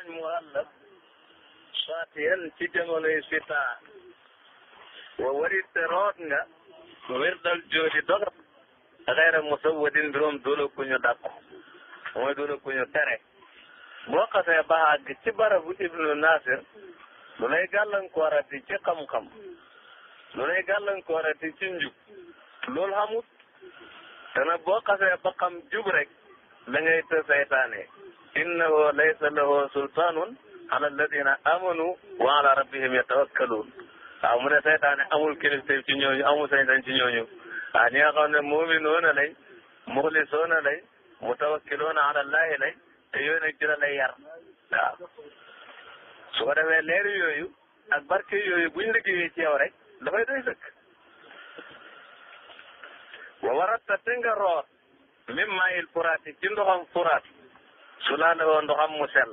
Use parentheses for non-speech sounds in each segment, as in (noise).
nañ muallaf saatiyan ci jamonoy sitaa wa warite root nga wirdal joodi dogal xayra musawadin mbiroom doole ku ñu dàq doole ku tere boo xasee ba àgg ci barabu ibnu nasir lu lay gàllankoorati ci xam-xam lu lay gàllankoorati ci njub loolu xamut te boo xasee ba xam jub rek da ngay te saytaane innahu laysa lahu sultaanun ala alladina amanu wa ala rabbihim yatawakkaluun waaw mu ne saytaane amul kilifteef ci ñooñu amul sañ-sañ ci ñooñu waaw ñi nga xam ne muminuuna lay muxlisuuna lay mutawakkiluuna ala allahi lay te yooyu nag ci la lay yar waaw su ak barke yooyu buñ liggéeyee ci yow rek dafay doy sëkk wa warata te nga root min maayil furaat yi ci ndoxam furaat su laalewoo ndoxam mu sell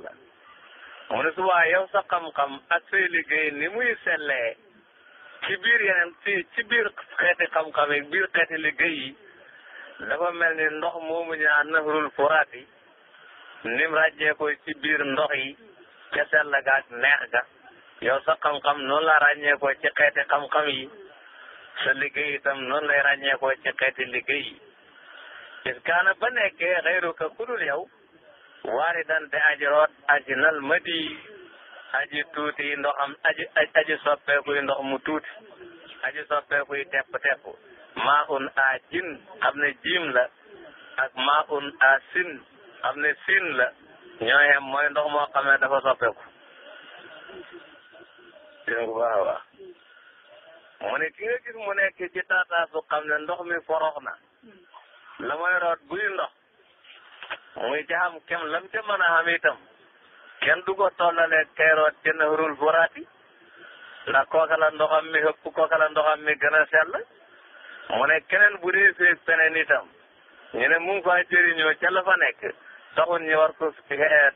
mu ne su waa yow sa xam-xam ak say liggéey ni muy sellee ci biir yeneen ci ci biir xeeti xam-xam yi biir xeeti liggéey dafa mel ni ndox moomu ñaa nahrul furaat yi nim ràjjee ci biir ndox yi ca sell ga ak neex ga yow sa xam-xam noonu la ràññee ko ci xeeti xam-xam yi sa liggéey itam noonu lay ràññee ci xeeti liggéey yi is kaana ba nekkee xayru ka kudul yow waari dan te aji root aji ma madi aji tuuti ndoxam aji aji soppeekuy ndox mu tuuti aji soppeekuy tepp tepp maa un a jin xam ne jiim la ak maa un a sin xam ne sin la ñoo yem mooy ndox moo xam ne dafa soppeeku mu ne ki nga gis mu nekk ci taataasu xam ne ndox mi forox na la mooy root buy ndox muy jaxam kem lam ca mën a xam itam kenn du ko tollalee teeroot ci nahrul buraati ndax kooka la ndoxam mi ëpp kooka la ndoxam mi gën a sell mu ne keneen bu dee fee feneen itam ñu ne mu faa jëriñoo ca la fa nekk taxul ñu war ko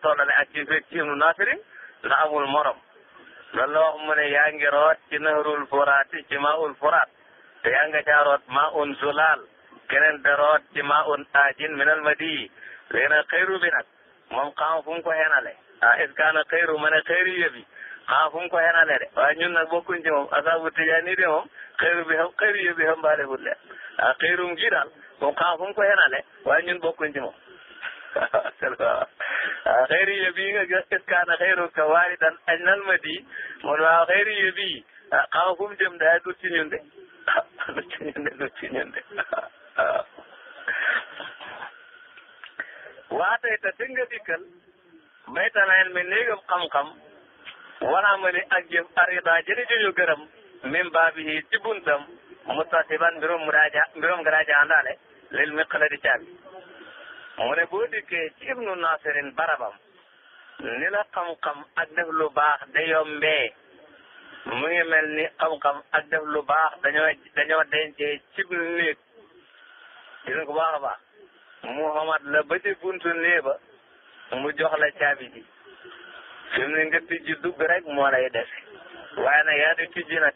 tollale ak ci fekk ci nu naafiri na morom loolu la wax mu ne yaa ngi root ci nahrul furaati ci maa ul furaat te yaa nga caa root maa un zulaal keneen da root ci maa un aajin minal madiyi léegi nag xëyru bi nag moom xam fu mu ko xeenale ah is kaana xëyru ma ne xëyru yëbi fu mu ko xeenale de waaye ñun nag bokkuñ ci moom asaabu tijaani de moom xëyru bi xam xëyru yëbi xam baale wut leen ah xëyrum gi daal moom xam fu mu ko xeenale waaye ñun bokkuñ ci moom waaw (laughs) ah, xëyru yëbi nga gis is kaana xëyru ka waari ma di mu ne waaw xëyru yëbi ah, xam fu mu jëm daal (laughs) du ci ñun de du ci ñun de du ci ñun de waatee te dégg nga dikkal bayta na mi néegam xam-xam wala ma ni ak jëf arida jëri juñu gërëm min baabihi ci buntam mutasiban mbirum muraaja mbirum garaaja àndaale lil mi xala di caabi mu ne boo dikkee ci ibnu nasirin barabam ni la xam-xam ak def lu baax da yombee mu ngi mel ni xam-xam ak def lu baax dañoo dañoo dencee cib néeg dina ko baax a baax mu xomat la ba ci ba mu jox la caabi ji fi mu nga tijji dugg rek moo lay dese waaye nag yaa di tijji nag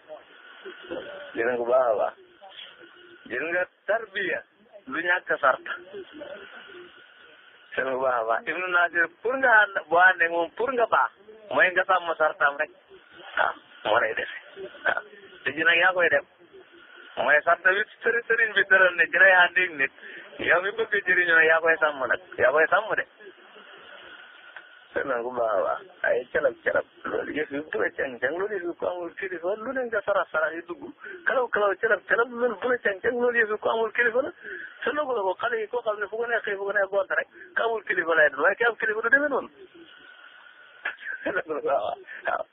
gis nga bu baax a baax gis nga tarbiya lu ñàkk sart gis nga bu baax a ibnu nasir pour nga ànd boo àndee moom pour nga baax mooy nga sàmm sartam rek waaw moo lay dese waaw tijji nag yaa koy dem mooy sarta bi sëriñ sëriñ bi tëral ne ci lay àndeeg nit yow mi bëgg jëriñoo yaa koy sàmm nag yaa koy sàmm de. sëñ bu baax a baax ay calab calab loolu yëf yi bu la càng càng loolu yëf yi ku amul kilifa lu ne nga sarax sarax yi dugg kalaw kalaw calab calab loolu bu la càng càng loolu yëf yi ku amul kilifa la te nangu la ko xale yi koo xam ne fu ko neexee fu ko neex gont rek ku amul kilifa lay doon waaye ki am kilifa du demee noonu. sëñ bu baax a waaw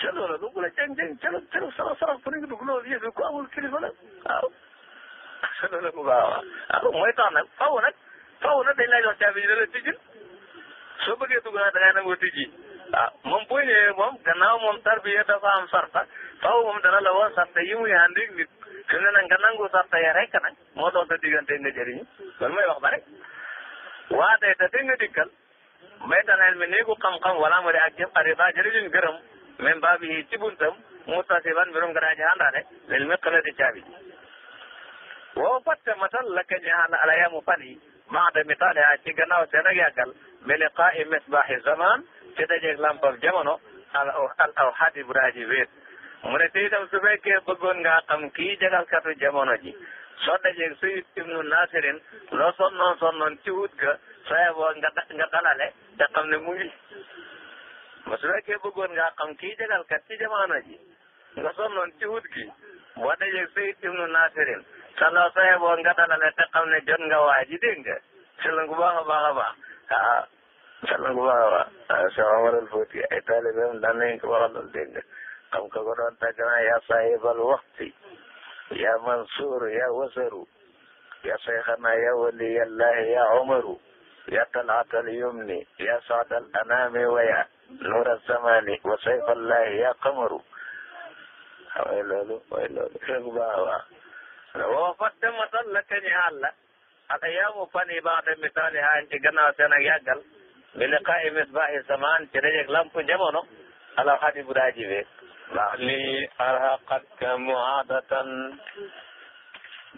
ca loolu bu la càng càng calab calab sarax sarax fu ne nga dugg loolu yëf yi ku amul kilifa la waaw. loolu bu baax a baax waaw ah, mooy tax nag faaw nag faaw nag dañ lay jox caabi yi ne la tijjil soo bëggee dugg nag da ngay nangoo tijji waaw ah, moom boo ñëwee moom gannaaw moom tarbiya dafa am sarta faaw moom dana la woo sarta yi muy ànd ak nit ne nga nangu sarta ya rek nag moo doon sa diggante nga jëriñu loolu mooy wax ba rek waa nga dikkal may taneel mi néegu xam-xam wala mu de ak jëm arriba jëriñuñ gërëm même baa bi ci buntam mustasiban mbirum nga daa ji àndaale léegi mi xëla di caabi ji wow fatte matal la ka ñaxaan alayamu fan yi maada mi taaliha ci gannaaw seen ak yàggal mi liqaa'i misbaahi zaman ci dajeeg lampam jamono al al aw xaadi bu raaji wéet mu ne te itam su fekkee bëggoon ngaa xam kii jagalkatu jamono ji soo dajeeg suyid ibnu nasirin loo sonnoon sonnoon ci wut ga sooye boo nga nga dalale te xam ne mu ngi ma su fekkee bëggoon ngaa xam kii jagalkat ci jamono ji nga sonnoon ci wut gi boo dajeeg suyid ibnu nasirin salo sooyee boo nga dalale te xam ne jot nga waa ji dégg nga sëlën bu baax a baax a baax ah sëlën bu baax a baax ah Cheikh Omar al Fouti ay taalibeem daan nañ ko waraloon dégg nga xam nga ko doon tàggat yaa saahibal waxti yaa Mansour yaa Wasaru yaa Seyxana yaa Wali yàllaah yaa Omaru yaa Talaatal Yumni yaa Saadal Anaami waya Nuura Zamani wa Sayfallaah yaa Qamaru ah way loolu way loolu sëlën bu baax a baax woo fatte masal la kañi xaal la aka yaamu fan yi baax de misaali haan ci gannaaw seen ak yàggal bi liqaa'i ci dajeeg lampu jamono ala hadi bu daa jibee ndax lii arhaqat ka muaadatan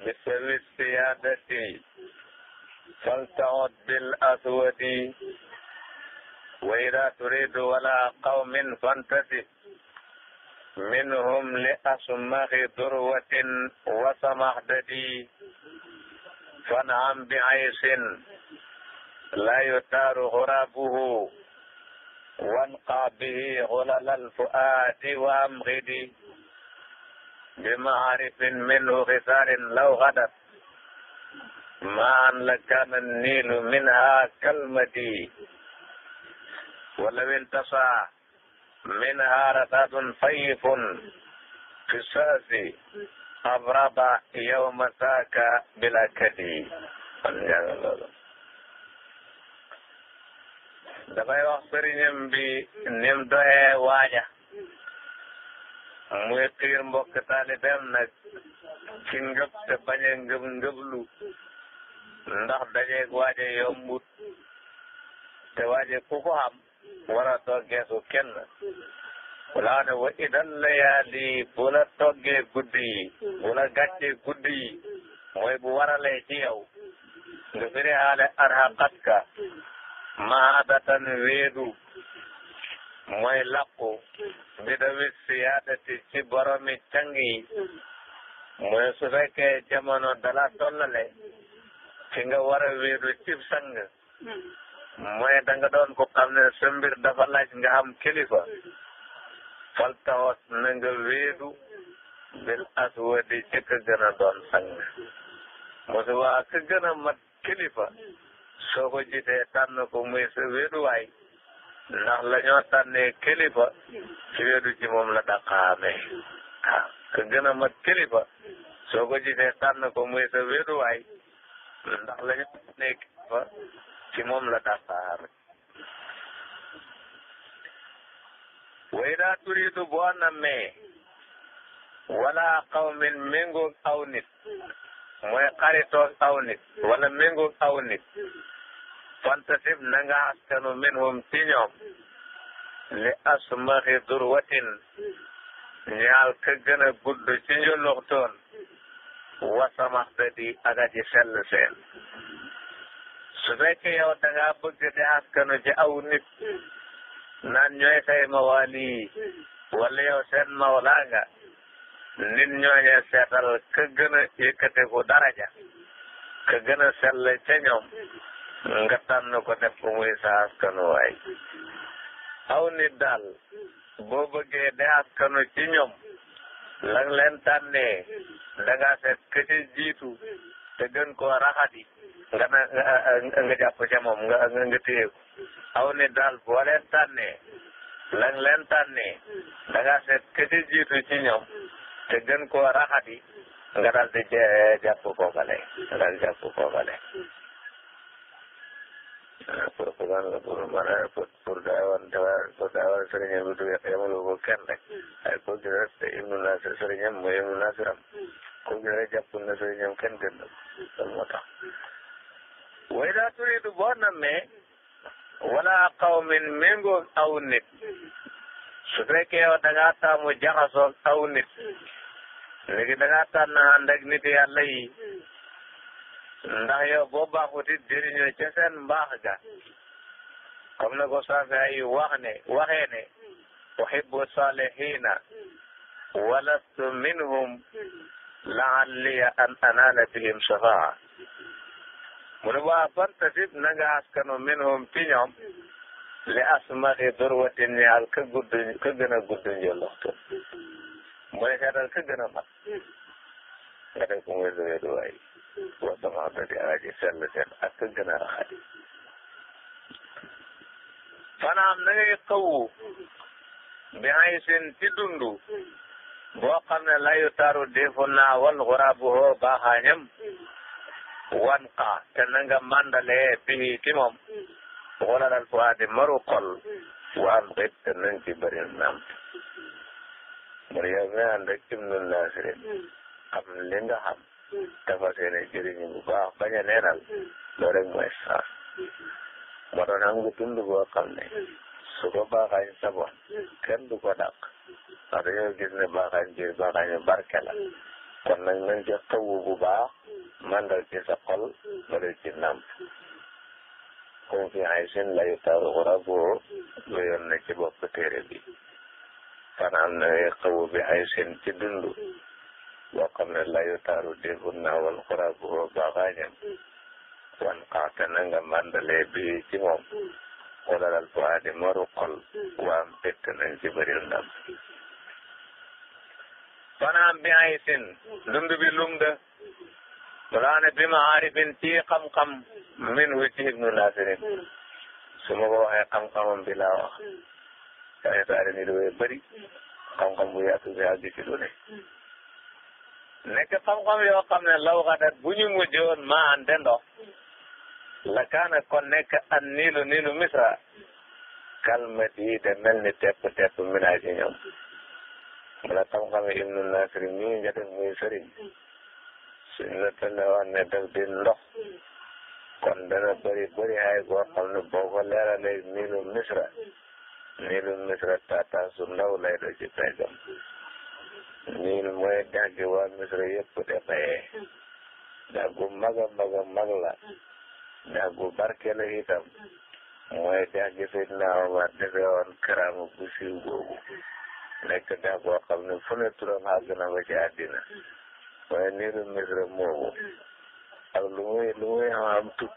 bi sawi siyaadati faltaot bil aswadi wa ida turidu wala qawmin fantasib minhum li asmahi durwatin wa samahdadi fan'am bi aysin la yutaaru xuraabuhu wanqa bihi xulalal fuaadi wa amxidi bi maarifin minhu xisaarin law xadat maan la kaana niilu minha kalmadi walaw intasaa منها رصاد طيف في الشاس أبرد يوم ساك بلا كدي dafay wax sëriñam bi nim doxee waaja muy xiir mbokk taalibeem nag ci ngëb te bañ a ngëb ngëblu ndax dajeeg waaja yombut te waaje ku ko xam war toggee su kenn wala ne wa idan layaali bu la toggee guddi yi bu la guddi yi mooy bu waralee ci yow nga firi haale arhaqatka maadatan weedu mooy làqu bi dawi siyaadati ci boromi càng yi mooy su fekkee jamono dala tollale ci nga war weedu cib sang mooy da doon ko xam ne sa mbir dafa laaj nga am kilifa fal taxoot na nga wéedu bil aswadi ca ka gën a doon sang mosu waa ka gën a mat kilifa soo ko jitee tànn ko muy sa wéeduwaay ndax la ñoo tànnee kilifa ci wéedu ci moom la daqaamee waaw ka gën a mat kilifa soo ko jitee tànn ko muy sa wéeduwaay ndax la ñoo tànnee kilifa ci moom la dàqaar way daa turiidu boo namee wala qawmin méngoog aw nit mooy xaritoog aw nit wala méngoog aw nit fantasib na nga askanu minhum ci ñoom li asmaxi durwatin ñaal ka gën a gudd ci ñu luxtoon wasamax da di aga ci sell seen su fekkee yow bëgg di askanu ci aw nit naan ñooy say mawaali yi wala seen mawlaa nga nit ñooñee seetal ka gën a yëkkateku daraja ka gën a sell ci ñoom nga tànn ko def ko muy sa askanu waay aw nit daal boo bëggee di askanu ci ñoom lang leen tànnee da ngaa seet ka ca jiitu te gën koo nga ne nga nga jàpp ca moom nga nga téye ko aw ni daal boo leen tànnee la nga leen tànnee da ngaa seet ka ca ci ñoom te gën ko raxati nga daal di jàpp kookale nga daal di jàpp kookale. Ah, pour pour pour mën a ah, pour pour daa wan dafa pour daa wan sëriñam bi du yemalu ko kenn rek ay koo gis rek te ibnu nasir sëriñam mooy ibnu nasiram koo gis rek jàpp na sëriñam kenn gën na loolu way daa turiidu boo nammee wala qawmin méngoog aw nit su fekkee yow da ngaa taamu jaxasoog aw nit léegi da ngaa tànn ndax yow boo baaxut it jëriñoo ca ga comme na ko ay wax ne waxee ne uhibbu saalihiina walastu minhum la'alli an anaala bihim shafaa mu ne waa fan tasib nga askano minhum ci ñoom li asmaxi durwatin ñaal ka gudd ka gën a gudd njolloxtu mu ne seetal ka gën a mat nga def ko muy luwee duwaay wasama da di aji sell seen ak ka gën a raxati fanaam na ngay xawu bi ay seen ci dundu boo xam ne layu taru defu naa wal xuraabu hoo baaxaañam wan xaa te na nga màndalee bii ci moom mm. xolalal fu aadi maru xol mm. waan xit te na ci bëri naam mu ne yow mi ànd ak Ibnu Naasir xam mm. li nga xam dafa baax bañ a neenal loolu rek mooy saas moo tax am nga dund boo xam ne su ko baaxaañ saboon kenn du ko dàq ndax dañoo gis ne baaxaañ biir baaxaañu barke la kon nag nañ ca tawu bu baax mandal ci sa xol wala ci nàmp comme fi ay seen layu taaru xuraboo lu yoon ci bopp téere bi fanaan na xawu bi ay ci dund boo xam ne layu taaru déful naa wal xuraboo baaxaañam wan xaate na nga mandalee bi ci moom xolalal bu aadi maru xol waam pett nañ ci bëril ndam fanaan bi ay seen dund bi lum da Mulaane bi ma aarifin ci xam-xam. min wu ibnu Nasirin. su ma ko waxee xam-xamam bi wax. ay taari ni dafay bëri. xam-xam bu yaatu bi ne. nekk xam-xam yoo xam ne law xadat bu ñu mujjoon maa ande ndox. la kaana kon nekk an niilu niilu misra. kalmet de mel ni tepp tepp minaa ci ñoom. wala xam-xam ibnu Nasirin ñu ngi njëkk muy sëriñ. suñ la tëlewoon daf di ndox kon dana bëri bëri ay goo xam ne boo ko leeralee niilu misra niilu misra taataa su ndaw lay do ci peggam niil mooy dex gi waa misra yëpp defayee dex gu mag a mag a mag la dex gu barke la itam mooy dex gi Seydina Omar defee woon karaama bu siiw googu nekk dex goo xam ne fu ne turam àgg na ba ci àddina waaye niiru misra moomu ak lu muy lu muy am tut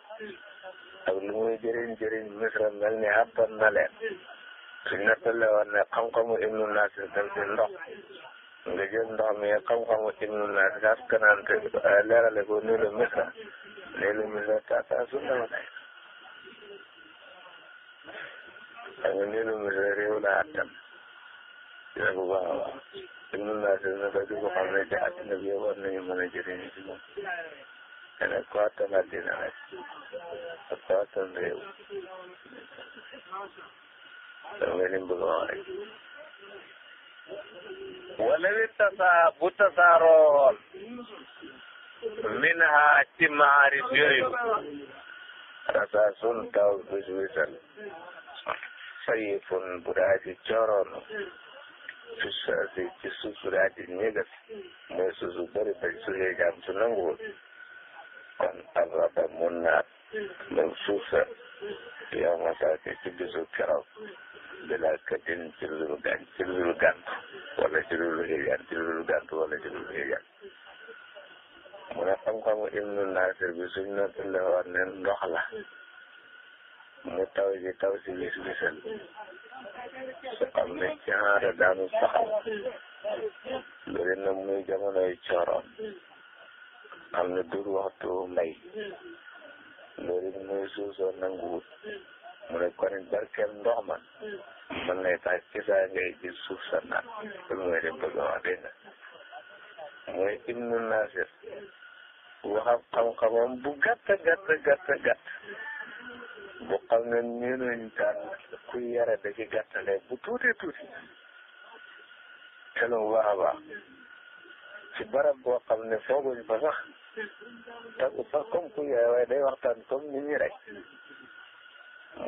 ak lu misra mel ni xabban na leen suñ nettale woon ne xam-xamu ibnu nasir dem si ndox nga jël ndox mi xam-xamu ibnu nasir askanante leerale ko niiru misra niiru misra taataa sunna ma day xam misra réew la attan dina bu baax suñu naasir na ba ko xam ne ci àddina bi war nañu mën a jëriñu ci moom. te nag ku attan àddina rek ak ku attan réew. loolu nga lim bëgg a wax rek. min ha ci maarif yooyu. rasaa sun taw bis wisal. sayifun bu daa ci fi saasi ci suuf su daa di mooy suuf su bëri bañ su ngee jaam su nanguwul kon arraba mun naat moom suuf sa yow ma saaki ci bisu keroog bila kadin ci lulu ci lulu gànt wala ci lulu hijaan ci lulu wala ci lulu mu ne xam-xamu ibnu nasir bi suñ na tëlle woon ne ndox la mu taw ji taw si wis wisal su xam ne caara daanu saxal loolu nag muy jamonoy cooroon am na dur waxtu mbay loolu muy suusoo mu ne kon barkeel ndox man mën nay tax ci saa ngay gis suuf sa naan loolu mooy dem bëgg wax dégg nga mooy ibnu nasir waxam xam-xamam bu gàtt gàtt gàtt gàtt bu xam ne nee nañ daan kuy yara da ci gàttale bu tuutee tuuti te lu mu baax a baax ci barab boo xam ne fooguñ fa sax tegu sax comme kuy yara waaye day waxtaan kom nu ñi rek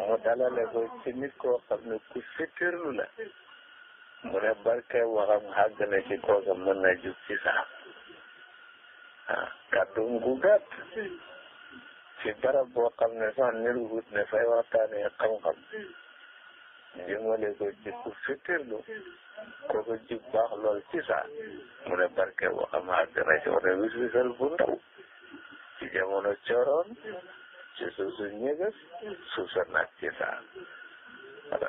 mu dalale ko ci nit koo xam mu ne barke waxam xàgg na ci kooka mën na ci barab boo xam ne sax niruwut ne fay waxtaanee xam-xam jëmale ko ci ku fitirlu kooku jub baax lool ci saa mu ne barke boo xam ne dina ci wane bu ndaw ci jamono cooroon ci suuf su ñëgas suuf sa naag ci saa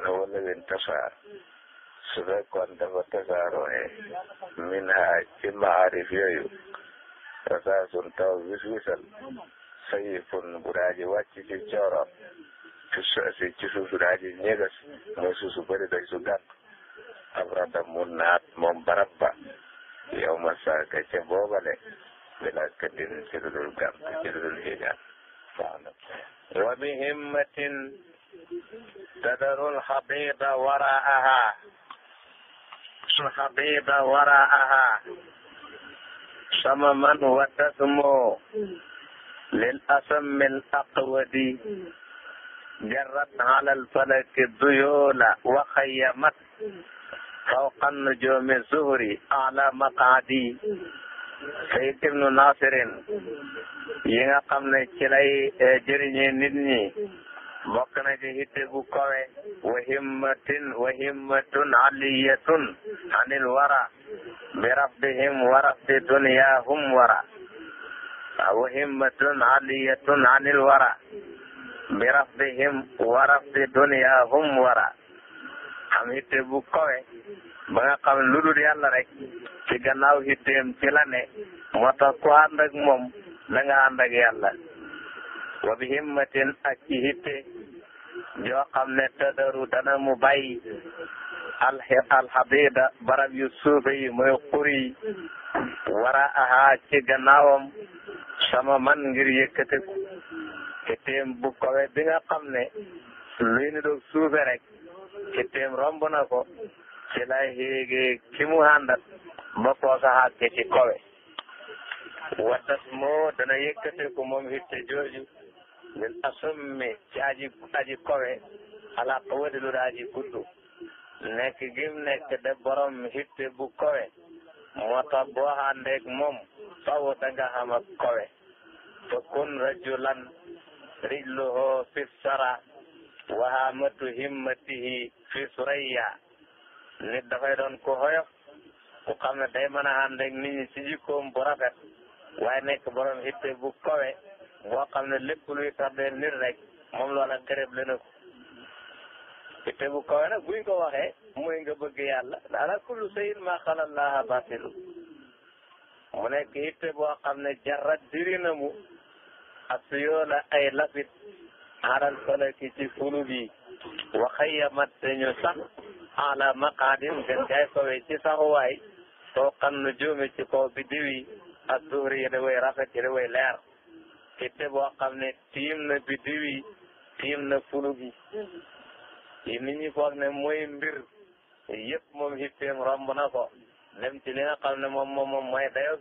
ne wala leen tasaar su fekkoon dafa tasaaroo min ha ci maarif yooyu tasaar sun taw wis musayifun bu daaji wàcc ci ci su ci suuf su daaji ñegas mooy suuf su bëri day naat moom barab ba yow ma saaka ca boobale bila kadin ci lu dul gàtt ci lu dul hijaab wa bi himmatin tadarul xabida waraaha su xabida waraaha sama man wattasmoo lil asammil aqwadi jarrat alal falaki duyoola wa xayyamat fawqa nujoomi zuhri ala maqaadi sayid ibnu nasirin yi nga xam ne ci lay e, jëriñee nit ñi bokk na ci hitte bu kowe wa himmatin wa himmatun aliyatun anil wara bi rafdihim wa rafdi dunyahum wara aw himmatun aliyatun anil wara bi rafdihim wa rafdi dunyahum wara am hitte bu ba nga xam lu dul yàlla rek ci gannaaw hitteem ci la moo tax ku ànd moom na nga ànd yàlla wa bi himmatin ak hitte joo xam ne tadaru dana mu bàyyi alxadida barab yu suufe yi mooy xur yi wara aha ci gannaawam sama man ngir yëkkateku ci bu kawe bi nga xam ne luy ni doog suufe rek ci téem romb na ko ci lay xéegee ki mu àndat ba koosa xàgge ci kawe wattas moo dana yëkkateku moom hitte jooju min asummi ci aji aji kawe ala qawati lu aji gudd nekk gim nekk de borom hitte bu kawe moo tax boo àndeek moom faw danga xam ak kowe fa kun rajulan rijluhu fi sara wa hamatu himmatihi fi surayya nit dafay doon ku hoyof ku xam ne day mën a ànd ak nit ñi ci waaye nekk borom hitte bu kowe boo xam ne lépp luy tardeel nit rek moom loola gërëb le na ko hitte bu kowe nag buñ ko waxee mooy nga bëgg yàlla ala kullu shay'in ma xala allaha batilu mu nekk itte boo xam ne jarat diri na mu asuyoola ay lapit alal falaki ci fulu bi waxay yamat dañu sax ala maqaadim gën gaay kawe ci saxuwaay soo xam nu juume ci kaw bi diwi ak duhri yi da rafet yi da leer itte boo xam ne tiim na bi diwi tiim na fulu bi yi nit ñi foog ne mooy mbir yëpp moom hippeem romb na ko lem ci li nga mooy dayo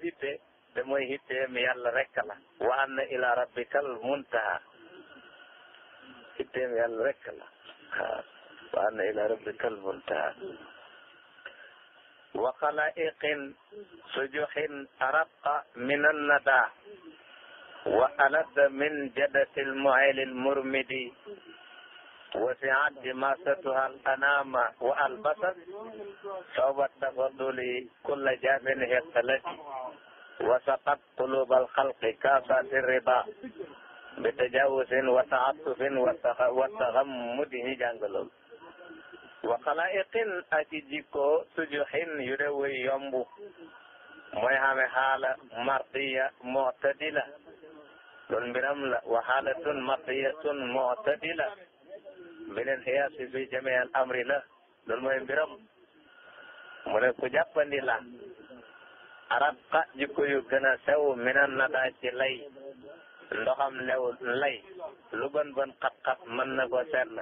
ila rabbikal muntaha muntaha wa xalaiqin sujuhin araqa min annada wa aladda min jadatil muhaylil murmidi wasi'at dimasatuha al-anama wa albasat sawbat tafaduli kulla jabin hiqtalati wa saqat qulub al-khalqi kasat riba bi tajawuzin wa ta'attufin wa taxammudin jàngalool wa xalaa'iqin ak jikko sujuhin yu de way yombu mooy xame xaala mardiya mu'tadila loolu mbiram la wa xaalatun mardiyatun mu'tadila beneen xiyaas bi fi jamee al amri la loolu mooy mbiram mu ne ku jàppandi la araqa jikko yu gën a sew minan na daa ci lay ndoxam lewul lay lu bon bon xat-xat mën na ko seetl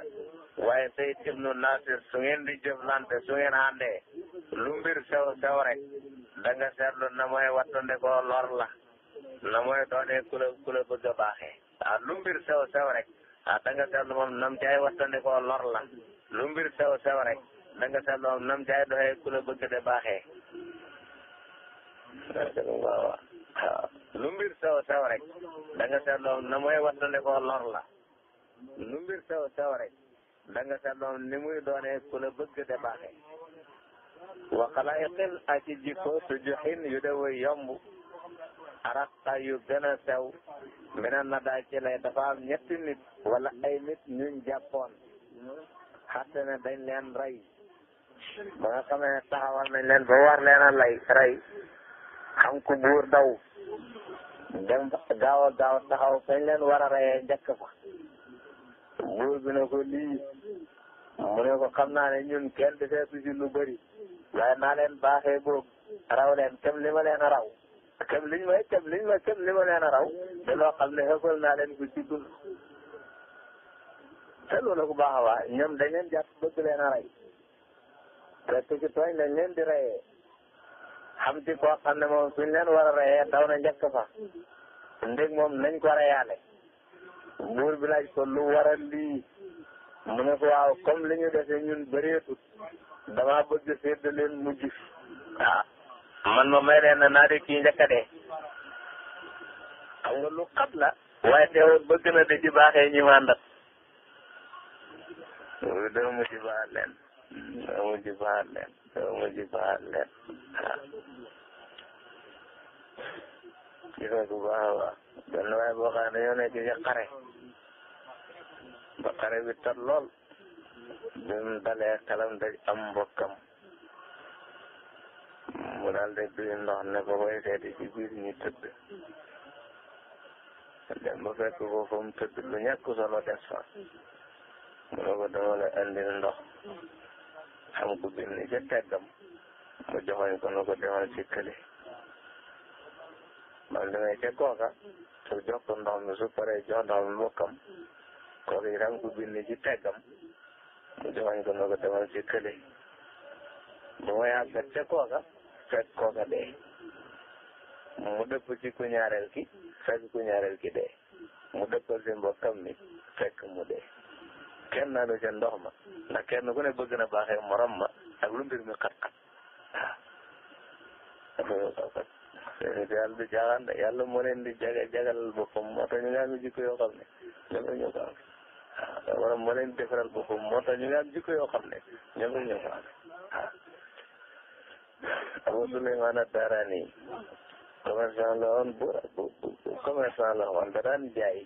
waaye Sayyid ibnu Nasir su ngeen di jëflante su ngeen àndee lu mbir sew sew rek da nga seetlu na mooy wattande ko lor la na mooy doonee ku la ku la bëgg a lu mbir sew sew rek. ah danga seetlu moom nam caay wastane koo lor la lu sew sew rek danga seetlu moom nam caay doxee ku la bëgg de baaxee sew sew rek danga seetlu moom na mooy wastane koo lor la lu mbir sew sew rek danga seetlu moom ni muy doonee ku la bëgg de baaxee wa xalaayiqil ak ci jikko su way yomb araqa yu gën a sew minen na daay lay dafa am ñetti wala ay nit ñuñ jàppoon xatte ne dañ leen rey ba nga xamee ne taxawal nañ leen ba war leen a lay rey xam ku buur daw dem gaaw a gaaw taxaw fañ leen war a reyee njëkk fa buur bi ne ko lii mu ne ko xam naa ne ñun kenn defee su ci lu bëri waaye naa leen baaxee boog raw leen kem li ma a raw këm liñ ma këm liñ ma këm li ma leen a raw te loo xam ne xëppal naa leen ku ci dund te loolu bu baax a ñoom dañ leen jat bëgg leen a rey te ci tooñ lañ leen di reyee am ci koo xam ne moom suñ leen war a reyee daw na njëkk fa ndég moom nañ ko reyaale buur bi laaj ko lu waral lii mu ne ko waaw comme li ñu defee ñun bëreetut damaa bëgg sédd leen mu fi waaw man ma may na naa de kii njëkk a dee xam nga lu xat la waaye teewul bëgg na di ci baaxee ñi ma ndat loolu doo mu ci baax leen doo mu ci baax leen doo mu ci baax leen nga bu baax a baax benn waaye boo xam ne dañoo nekk ci xare ba xare bi mu am mbokkam mu daal di ndox ne ko koy seeti ci biir ñu tëdd dem ba fekk ko fa mu lu ñàkk solo des fa mu ne ko dama la indil ndox xam ko bind ca teggam mu joxoñ ko ne ko demal ci kële bam demee ca kooka su jox ko ndox mi su paree jox ndox mi mbokkam kooka itam ko bind ci teggam mu joxoñ ko ne ko demal ci kële ba mu yàggat ca kooka fekk kooka dee mu dëpp ci ku ñaareel ki fekk ku ñaareel ki dee mu dëppal si mbokkam mi fekk mu dee kenn naa lu ca ndox ma ndax kenn ku ne gën a baaxee morom ma ak lu mbir mi xat-xat waaw yàlla du jaaxaan de yàlla moo leen di jaga jagalal boppam moo tax ñu ngi am jikko yoo ñu ko am waaw wala leen defaral boppam moo tax ñu ngi am jikko yoo xam ne ñu ko am Abu Suleymaan ad-Daaraani commerçant la woon bu bu commerçant la woon da daan jaay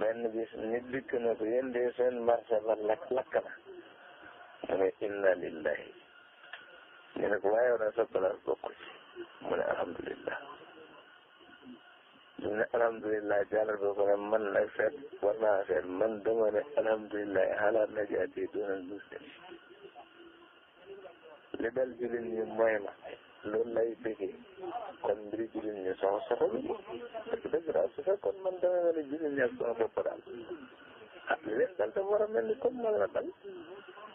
benn bis nit dikk na ko yéen de seen marché ba lakk lakk na mu ne lillahi ñu ne ko waaye war a sa place bokk ci mu ne alhamdulillah mu ne alhamdulillah jàllal ba man nag seet war naa man dama ne alhamdulillah xalaat na jaati doonal muslim li dal jullit ñi ma loolu lay bëggee kon mbiri jullit ñi soxla soxalu ko dëgg man damay mel ni jullit ñi ak sama bopp daal ah li leen a mel ni comme man la dal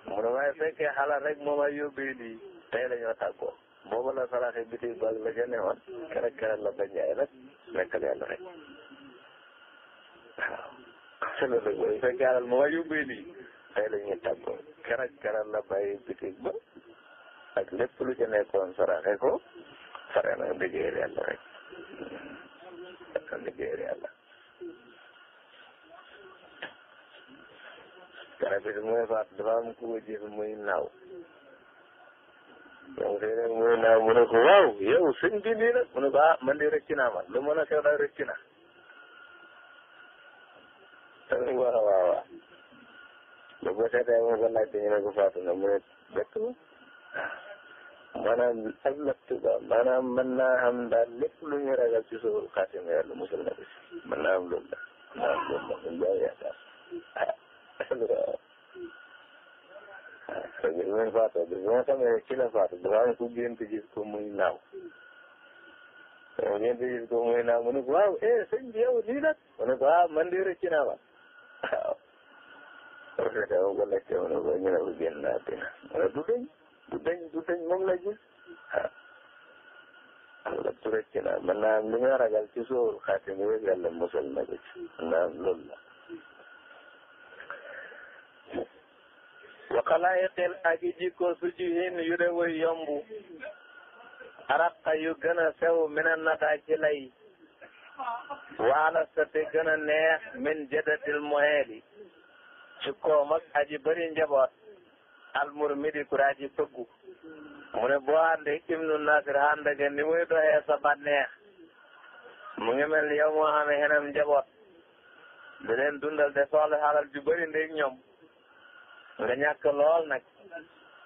mu ne waaye fekkee xalaat rek moo may yóbbee lii tey la ñoo tàggoo booba la saraxe biti bag la ca newoon keroog keroog la bañ jaay rek nekkal yàlla rek waaw c'est le dëgg bu fekkee xalaat moo may yóbbee lii tey la ñuy tàggoo keroog keroog la bàyyi biti ba ak lépp lu ci nekkoon saraxe ko pare na liggéeyal yàlla rek pare na liggéeyal yàlla garab bi muy faat dafa am ku gis muy naaw donc xëy na mu ne ko waaw yow sëñ bi nii nag mu ne ko ah man di rëcc naa man lu mën a xew daal rëcc naa tamit waaw waaw waaw ba boo seetee mu ne ko na mu ne bett maanaam ak maktuba maanaam mën naa xam daal lépp lu ñu ragal ci suuful xaatim yàlla musul na ko si mën naa am loolu la mën naa am loolu la ñu jaay yaakaar ah ah bi ma faatoo bi ma xamee ci la faatu dafa am ku gént gis ko muy naaw gént gis ko muy naaw mu ne ko waaw eh sëñ bi yow lii nag mu ne ko ah man de rëcc naa ma waaw. parce que dama ko laajte mu ne ko ñu ne ko génn naa dina mu ne du dëñ du dañ du la gis ah Allah ture ci naa mën naa am li nga ragal ci sóorul xaatim yëpp yàlla musal na ko ci mën naa am loolu la wa xalaayiqil ak i jikko su ci hin yu de way yombu araqa yu gën a sew mina nataa ci lay waala sa te gën a neex min jadatil moeli ci koom ak aji bëri njaboot almurmidi ku raaji fëggu mu ne boo àndee ibnu nasir ànd ak ni muy doxee sa bànneex mu ngi ni yow moo xamee xenam njaboot dundal de soxla xalal ju bëri ndéeg ñoom nga ñàkk lool nag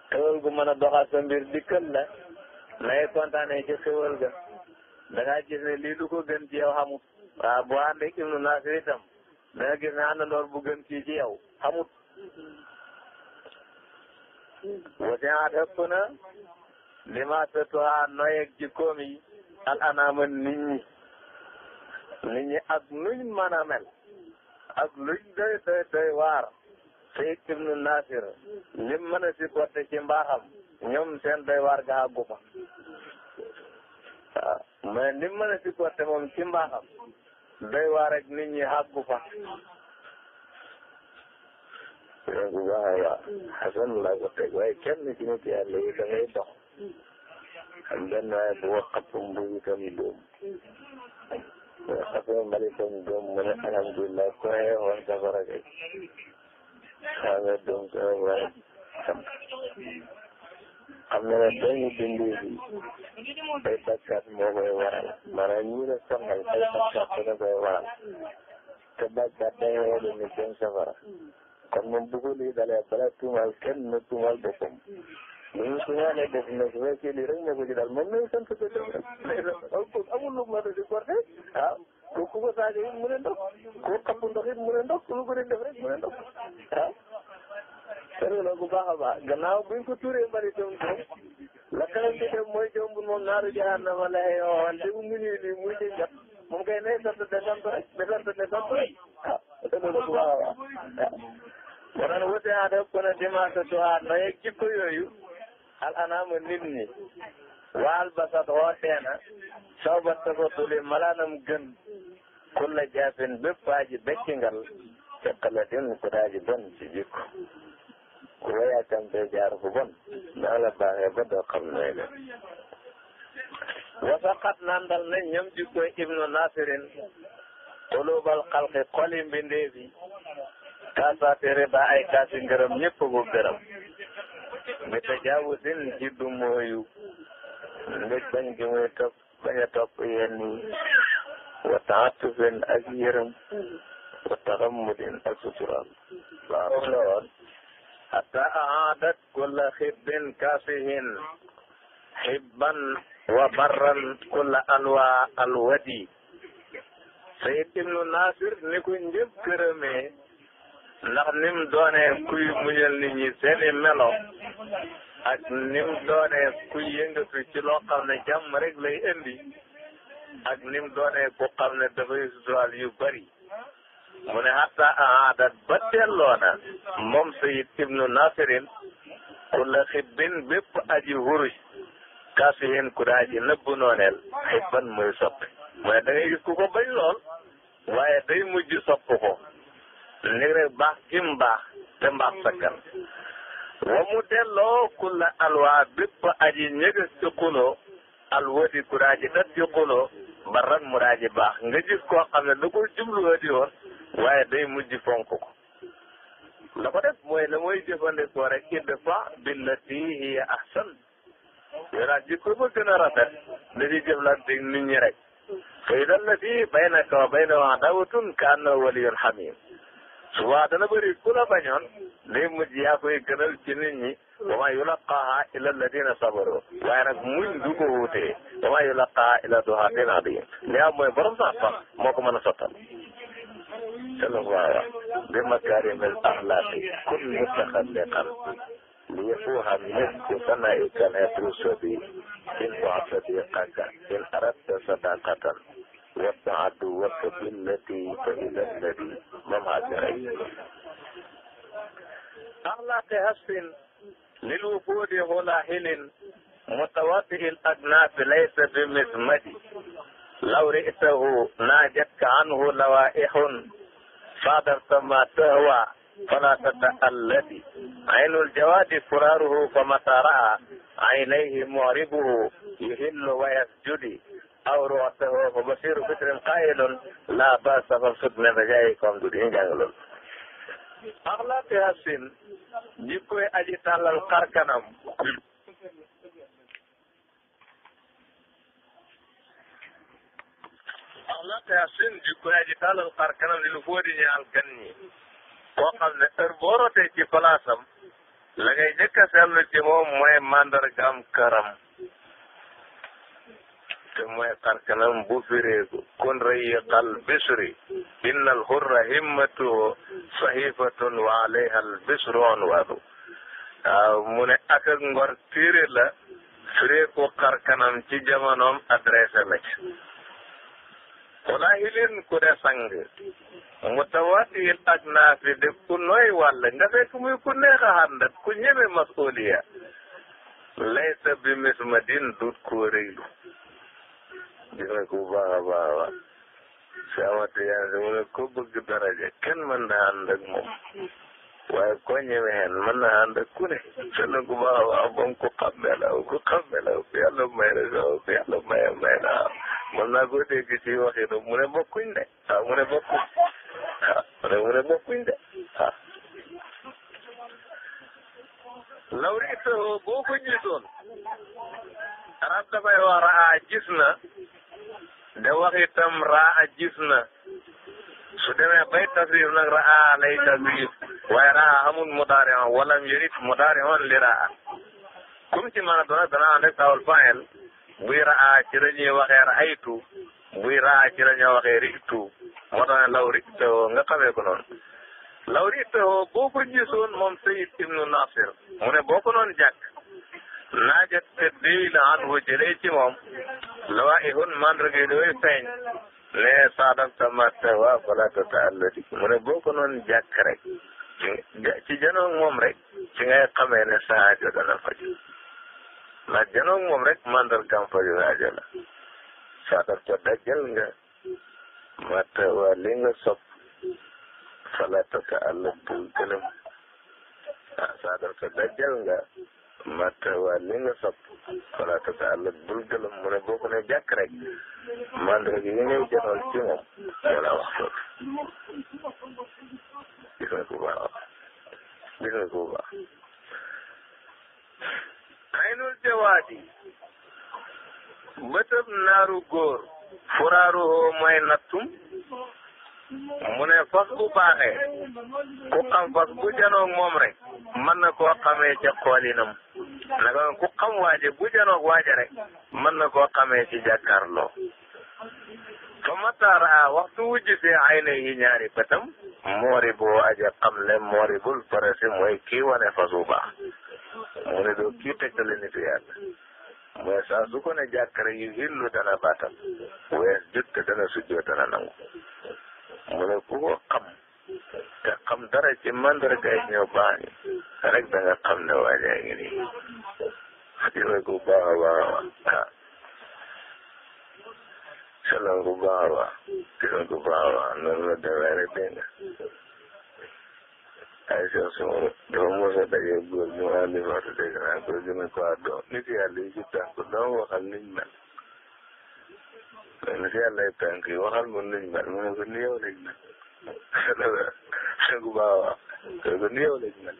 xewal gu mën a doxal sa mbir dikkal la nay kontaanee ci xewal ga da gis ne lii ko gën ci yow xamut waaw boo àndee ibnu nasir itam da gis ne àndandoor bu gën kii ci yow xamut wasiyaat ëpp na li ma tëtuwaa noyeeg jikkoom yi al anaama nit ñi nit ñi ak nuñ mën a mel ak luñ doy doy doy waar Sayyid ibnu Nasir lim mën a supporté ci mbaaxam ñoom seen doy waar ga àggu fa waaw mais lim mën a supporté moom ci mbaaxam doy waar rek nit ñi àggu fa yow bu baax a mm. baax xasan laa ko teg waaye kenn ci nit yàlla yi da ngay dox am benn mm. waaye bu ko xapp mbuub itam dóom boo xappee mbalitam dóom mu ne alhamdulilah ko xeexoon safara kay xaamee dóom ko waaye xam xam na ne doomu dindi bi ay bakkaat moo koy waral maanaam ñi la sonal ay bakkaat da koy waral te bakkaat day waral ni dem safara mm. kon moom bu ko lii dalee balaa tuumaal kenn na tuumaal boppam. bu ñu tuumaalee boppam nag su fekkee lii rek moo ko ci dal moom lay sant ko dem rek amul lu mu di porté waaw ah, ku ko saaga it mu ne ndox ku xapp ndox it mu ne ndox lu ko di def rek mu ne ndox waaw. Ah, te loolu bu baax a baax gannaaw buñ ko tuuree mbari doom doom la kanam ci dem mooy jomb moom naaru jaar na ma lay waxoon te bu mu nii nii muy ci jot moom kay nay sant de sant rek de sant de sant rek waaw ah, te loolu bu baax a baax waaw. konoon wute naa def ko ne dimanche soir na yegg jikko yooyu al anaama nit ñi waal basat wootee na soo ba tafatuli malaanam gën kulla jaafin bépp aji bekkingal fekkalatin ku daaji bon ci jikko ku wayakamte jaar fu bon daa la baaxee ba doo xam nooy def wasaqat nandal na ñoom jikkoy ibnu nasirin qulubal xalqi xoli mbindeefi kaasa tere ba ay kaasi ngërëm ñëpp ko gërëm bi tajaawusin ci du mooyu ngëj bañ gi muy topp bañ a topp yenn yi wa taatufin ak yërëm wa taxammudin ak sutural waaw la woon hatta aadat kulla xibbin kaasihin xibban wa barran kulla anwa alwadi sayid ibnu nasir ni ko njëb gërëmee ndax ni mu doonee kuy muñal nit ñi seeni melo ak ni doonee kuy yëngatu ci loo xam ne jàmm rek lay indi ak ni mu doonee ku xam ne dafay suturaal yu bari mu ne hatta aadat ba telloona moom sayid ibnu nasirin ku la xibbin bépp aji huruj kaasihin ku daa ji nëbb nooneel xibban muy soppi mu ne da ngay ku ko bañ lool waaye day mujj sopp ko ngir baax gim baax te mbaax sakkan wa mu delloo kulla alwaa bépp aji ñëgas ci xuloo alwadi ku daaji dat ci xuloo baran mu daaji baax nga gis koo xam ne da ko jubluwa di waaye day mujj fonk ko la ko def mooy la mooy jëfandikoo rek idfa billati hiya ahsan yoraa jikko ba gën a rafet la di jëflanteeg nit ñi rek fa idallati baynaka wa baynahum adawatun ka annahu waliyyun hamim suba dana bëri ku la bañoon lii mujj yaa koy gënal ci nit ñi wa maa yulaqaaha illa alladina sabaru waaye nag muñ du ko wutee wa maa yulaqaaha illa du haadin adiim li am mooy borom sax sax moo ko mën a sottal sallallahu bi makarim al axlaaqi kun mutaxalliqan li yafuuha misku sanaika al atrusabi in ba'ta sadiqaka in aradta sadaqatan wasa addu wasa binnati fa ila nadi moom àgg rek. axlaaqi hassin lil wufuudi hula hilin mutawati il adnaafi laysa bi mismadi law ri'tahu naajatka anhu lawaa'ihun faadarta ma tahwa fala tata'alladi aynul jawaadi furaaruhu fa mataa ra'a aynayhi mu'ribuhu yuhillu wa yasjudi aw ru'usahu fa basiru bitrin qaa'ilun laa ba'sa fal khidmati fa jaa'ikum du ñu jàng loolu. axlaaqi hasin jikkoy aji tàllal xar kanam. axlaaqi hasin jikkoy aji tàllal xar kanam li lu foo di ñaal gan ñi. koo xam ne heure boo rotee ci place am la ngay njëkk a seetlu ci moom mooy mandargaam te mooy xar kanam bu fireeku kun rayiqal bisri innal hurra himmatuhu sahifatun wa alayha al bisru unwanu mu ne ak ak ngor téere la kanam ci jamonoom adressé la ci walahilin ku de sang mutawatil ak naafi de ku nooy wàll nga fekk muy ku neex a àndat ku ñeme masuliya laysa bi mismadin dut koo rëylu gis na ko bu baax a baax a baax si amati yaa si mu ne ko bëgg daraja kenn mën na ànd ak moom waaye koo ñemee hen mën na ànd ak ku ne gis na ko bu baax a baax ba mu ko xàmmee la ko xàmmee la ko yàlla may la ko yàlla may may la mën naa ko dégg ci wax yi mu ne bokkuñ de ah mu ne bokkuñ ah mu ne bokkuñ de ah. law ritoo boo ko gisoon arab dafay war a gis na. da wax itam raa gis na su demee bay tasrif nag raa lay tasrif waaye raa amul mudaari on wala mu yërit on li raa comme ci maanaam doon dana ànd ak tawul faayel buy raa ci la ñuy waxee raaytu buy raa ci la ñuy waxee riitu moo tax ne law riitoo nga xamee ko noonu law riitoo boo ko gisoon moom Sayid ibnu Nasir mu ne boo ko noon naajat te déy la an hu jëlee ci moom lawa i hun mandarga yi dooy feeñ ne saadam ta matta waa fala ta taallati mu ne boo ko noon jàkk ci janoog moom rek ci ngay xamee ne sa aajo dana faju ndax janoog moom rek mandargam faju aajo la saadam ta dajjal nga matta waa li nga sopp ta taallat bul gëlëm ah saadam ta dajjal nga matta waa li nga sopp wala te sa bul gëlëm mu ne boo ko ne jàkk rek mandarga yi ngay jotoon ci moom wala wax foofu gis nga ko baax gis nga ko baax aynul jawaadi bëtëb naaru góor furaaru hoo mooy nattum mu ne fas bu ku xam fas bu janoog moom rek mën na koo xamee ca xoolinam naka ku xam waaje bu janoog waaje rek mën na koo xamee ci jàkkaarloo fa mataara waxtu wu gisee ay na yi ñaari bëtam moori boo aja xam le moori bul parasi mooy kii wane fas bu mu ne doo kii tegtale nitu yàlla mooy saa su ne jàkkare yu hillu dana baatal wees jut te dana sujjoo dana mu ne ku ko xam te xam dara ci mandarga yi ñoo baax ni rek da nga xam ne waajaa ngi nii xadima gu baax a baax a baax ah. salam gu baax a baax xadima gu baax a baax noonu la demee rek dégg nga ay soo suma dafa mos a daje góor ñu àndi fatu dégg naa góor gi ko doom nit yàlla yi ci loolu si yàlla penk yi waxal ma nuñ mel mu ne ko ni yow lañ mel la ko baax wax mu ne ko ni yow lañ mel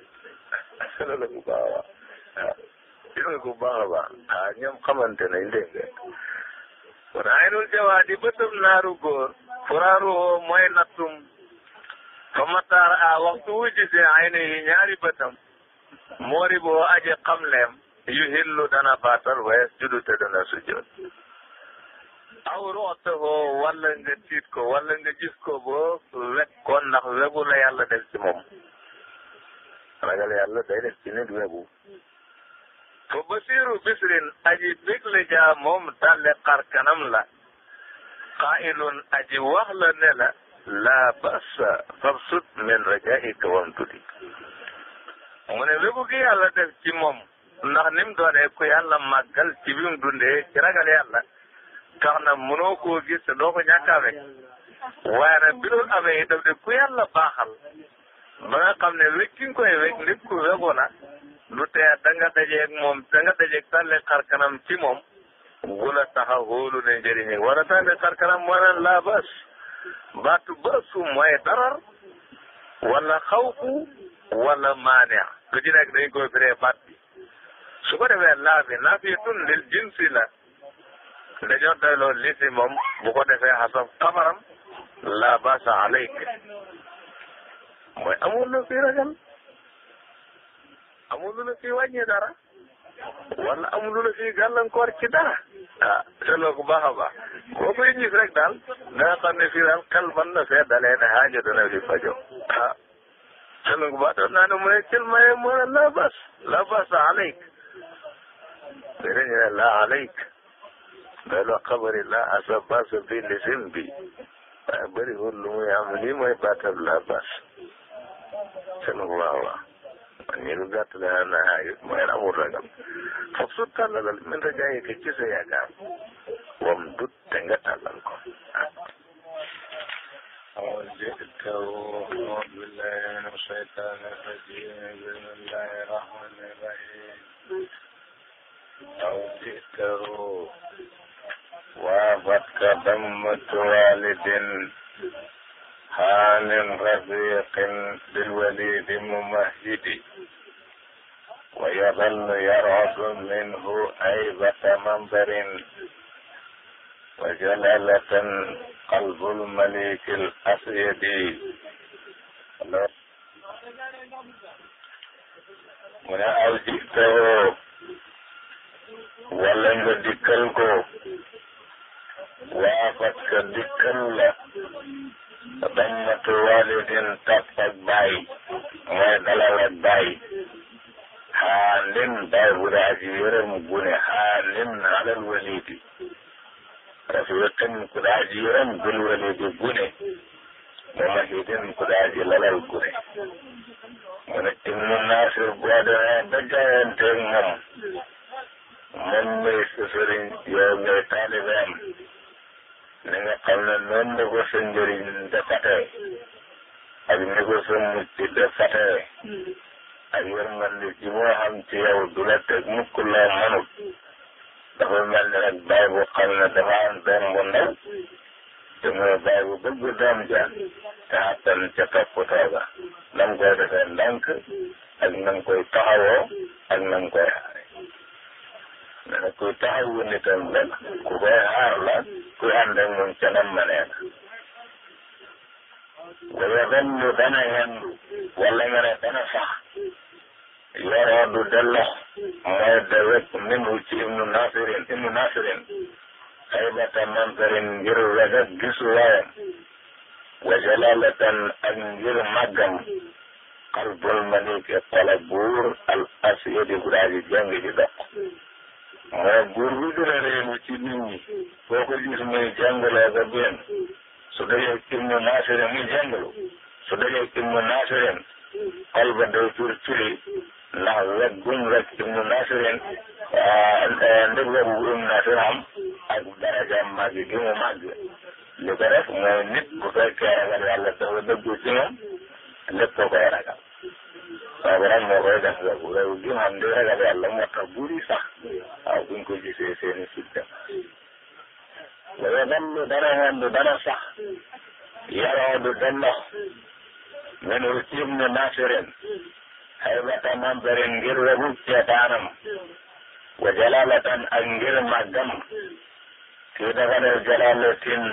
la ko baax wax waaw gis nga ko baax a baax ah ñoom xamante nañ dégg nga kon aynul jawaadi bëtëm naaru góor furaaru woo mooy nattum fa mataar a ah, waxtu wu gisee aynu yi ñaari bëtam moori boo aje xamleem yu hillu dana baatal wees judu te dana sujjoot aw roote koo walla nga tiit ko walla nga gis ko boo weg ko ndax wegu la yàlla def ci moom ragal yàlla day def ci nit wegu fa basiiru bisrin aji bégle jaa moom tàlle xar kanam la qaa'ilun aji wax la ne la laa basa fabsut min rajaa'ika wamtudi mu ne wegu gi yàlla def ci moom ndax nim doonee ku yàlla màggal ci bi mu dundee ci ragal yàlla tax na mënoo koo gis te doo ko ñàkk a amee waaye nag bi loolu de ku yàlla baaxal ba nga xam ne wékki nga koy wékk nit ku wékku na lu tee da nga dajeeg moom da nga dajeeg tàlle xar kanam ci moom bu la tax a wóolu ne njëriñ wala tàlle xar kanam moo naan laa bës baatu bësu darar wala xawfu wala maaneex lu ci nekk dañ koy firee baat bi su ko defee laa lil jinsi dañoo doyloo li si moom bu ko defee xasab xabaram la basa alayk mooy amul lu fi ragal amul lu fi wàññi dara wala amul lu la fi gàllankoor ci dara ah seetloo ko baax a baax boo koy gis rek daal danga xam ne fii daal xel mën na fee dalee ne xaaja dana fi fajo ah seetloo ko baax doon naa ne mu ne cil maye mu ne la bas la bas alayk doyloo xabari la asa basa bi lisim bi waaye bëriwul lu muy am lii mooy baatab la bas sanallahu man ñi lu gàtt la na hayut mooy amul ragal foog su tàllalal min rajaayi ka ci sa yaakaar wam dut te nga tàllal ko أعوذ بالله من الشيطان الرجيم بسم الله الرحمن الرحيم أو جئته waafat ka dammatu walidin xaanin rafiqin bilwalidi mumahidi wa yadallu yaradu minhu aybata mambarin wa jalalatan qalbul malikil asyadi mu ne aw jiktawo walla nga dikkal ko waafat ka dikkal la dammatu walidin tàpp ak bàyyi mooy dalal ak bàyyi xaalin bàyyi bu daa yërëm gune xaalin alal walidi rafiqin ku daa ji yërëm bil walidi gune mu ku daa lalal gune mu ne ibnu nasir boo demee ba jaayanteeg moom moom muy sa sëriñ yow taalibeem ni nga xam ne noonu la ko sa njëriñ defatee ak ni ko sa mucc defatee ak yërmande ji moo xam ci yow du la teg mukk loo mënut dafa mel ni rek baay bu xam ne dafa am doom bu ndaw te mooy baay bu bëgg doom ja te attan ca toppatoo ga nam koy defee ndànk ak nam koy taxawoo ak nam koy nee na kuy taxawu nitam la ku koy xaar la kuy ànd ak moom ma nee na wala ren dana yendu wala nga dana sax yoroo du dellox mooy de wet min wu ci ibnu nasirin ibnu nasirin xaybata mantarin ngir wegat gisu waayam wa jalalatan ak ngir màggam xalbul malike xole buur al asiyadi bu daa ji jàng ji doq waaye buur bi dina réeru ci nit ñi boo ko gis muy jàngalee ba benn su dajee ibnu naasirin muy jàngalu su dajee ibnu naasirin xol ba day tur turi ndax wet gum wet ibnu naasirin ah, eh, ndëg wet bu ibnu ak darajaam màgg gi mu màgg li ko def mooy nit bu fekkee ragal yàlla dafa dëggu ci moom lépp ko koy ragal soo ko moo koy buur yi sax waaw buñ ko gisee seen i sudda wala dam lu dana woon lu dana sax yaroo du dandox menu tiim ne nasirin haybata mambarin ngir wagub ceetaanam wa jalalatan ak ngir màggam kii dafa ne jalalatin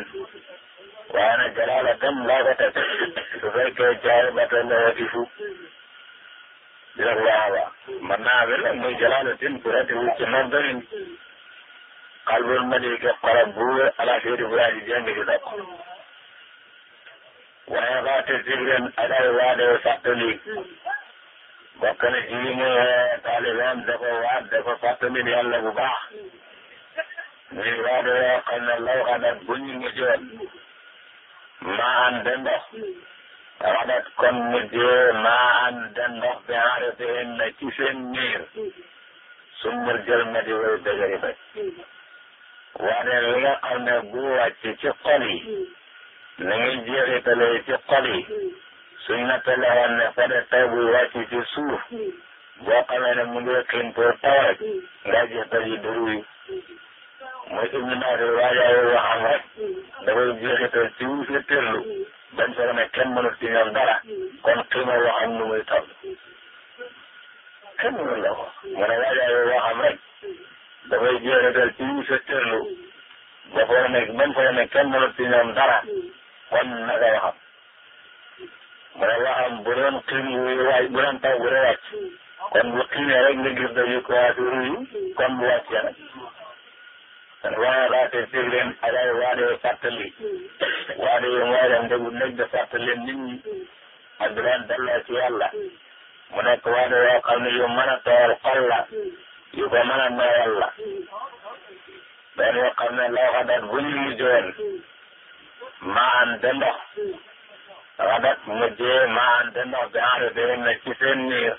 waaye nag jalalatam laa ko teg (coughs) su fekkee jaay bata la wadifu di la waawa mën naa ba léegi muy jalaalatin ku ratiwu ci nondamin qalbul maliki xolab buwe ala fiiri bu yaa di jàng di dokk waaye baate sigren aday waade fàttali bokk na ci yi muy taalibaam da ko waat da ko fàttali yàlla bu baax muy waade yoo xam ne law xanat buñ nga joon maa ànd radat kon mu jee maa an da ndox bi aaratihin na ci seen miir jël na di wéy dëgëri ba waane li nga xam ne bu wàcc ci xol yi ni ngi jeexitalee ci xol yi suñ nattalee woon ne fa de tey buy ci suuf boo xamee ne mu ngi xiin pour taw rek nga gis daj yi duru yi muy ibnu naati waajaayu waxam rek dafay jeexital ci wu fi tërlu dañ mm. ko ne kenn mënul ci ñoom dara kon xiima woo xam nu kenn mënul la ko mu ne waajaay woo xam rek dafay jeexital ci ñu sa tërlu ba foo ne bañ foo ne kenn mënul ci ñoom dara kon naka waxam mu ne waxam bu doon xiim wu waay taw bu dee wàcc mm. kon bu xiimee rek nga gis da yu ko waatu ruyu kon bu wàccee waaye laa te sir leen xalaay waade yoo fàttali waade yoo mooy nekk de fàttali leen nit ñi ak di ci yàlla mu nekk waade yoo xam ne yu mën a toor xol la yu ko mën a nooyal la benn yoo xam ne loo xadat bu ñu mujjoon maan de ndox xadat mujjee maan de ndox bi aare bi na seen niir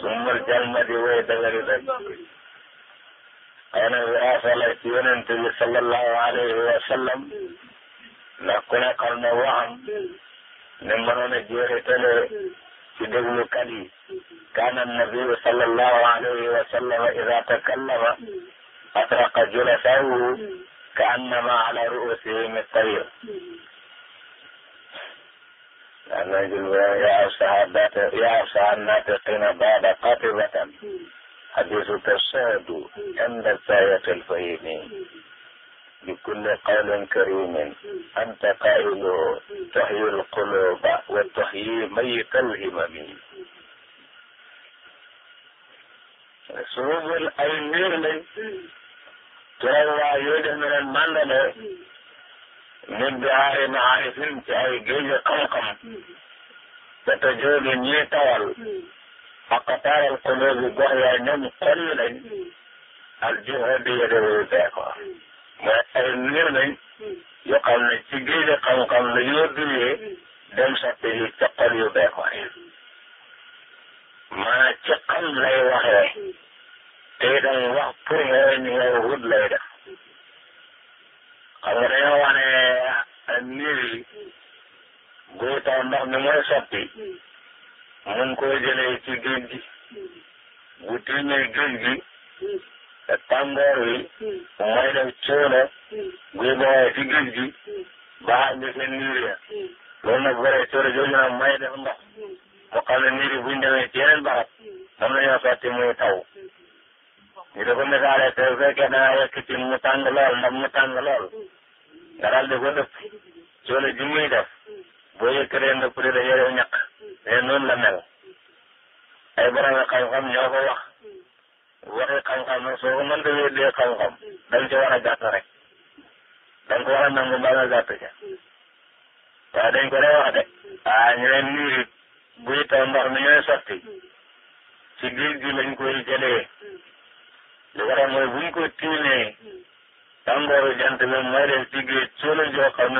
su mul jalma di wéy dëgëri dëgg xëy na la ci yonent bi sallallahu alayhi wa sallam ndax ku nekkoon na waxam ne mënoon ci déglukat yi kaana nabiyu alayhi wa ida takallama atraqa julasaahu ka annama ala ruusihim tayr yaa saadaat yaa saadaat naatiqina baada qatibatan الحديث تشهد أن الآية الفهيم بكل قول كريم أنت قائله تحيي القلوب وتحيي ميت الهمم suuful ay mbir lañ turawaay yooyu def na leen màndale min bihaari maarifin ci ay géeju xam-xam te te jooju ñii tawal Aqtaaral quluubi gox yooyu ñoom xol lañ aljuhadiya de wu beeko mooy ay niir lañ yoo xam ne ci géej xam-xam la yoo duyee dem sotti yi ca xol yu beeko yi maa ci xam lay waxee te itam wax pour xeeñ xew wut lay def xam nga dañoo wax ne niir yi góor taw ndox mun koo jëlee ci géej gi bu tiimee géej gi te tàngoor wi mooy def coono guy bawoo ci géej gi ba xam ne seen niir ya loolu nag bare coono jooju nag may def ndox mu xam ne niir yi buñ demee ci yeneen barab moom la ñoo sotti muy taw ñu da ko misaale te bu fekkee da mu tàng lool ndax mu tàng lool nga daal di ko dëpp coono ji muy def boo yëkkatee ndëpp di da yorew ñàkk mais noonu la mel ay borom xam-xam wax waxi xam-xam nag soo ko mënta wéddee xam-xam dañ ci war a gàtt rek dañ ko war a nangu mbaa nga gàtt ca waaye dañ ko dee wax ah, gi lañ koy jëlee li waral mooy buñ ko tiinee tàngooru jant bi mooy def ci géej soo leen joo xam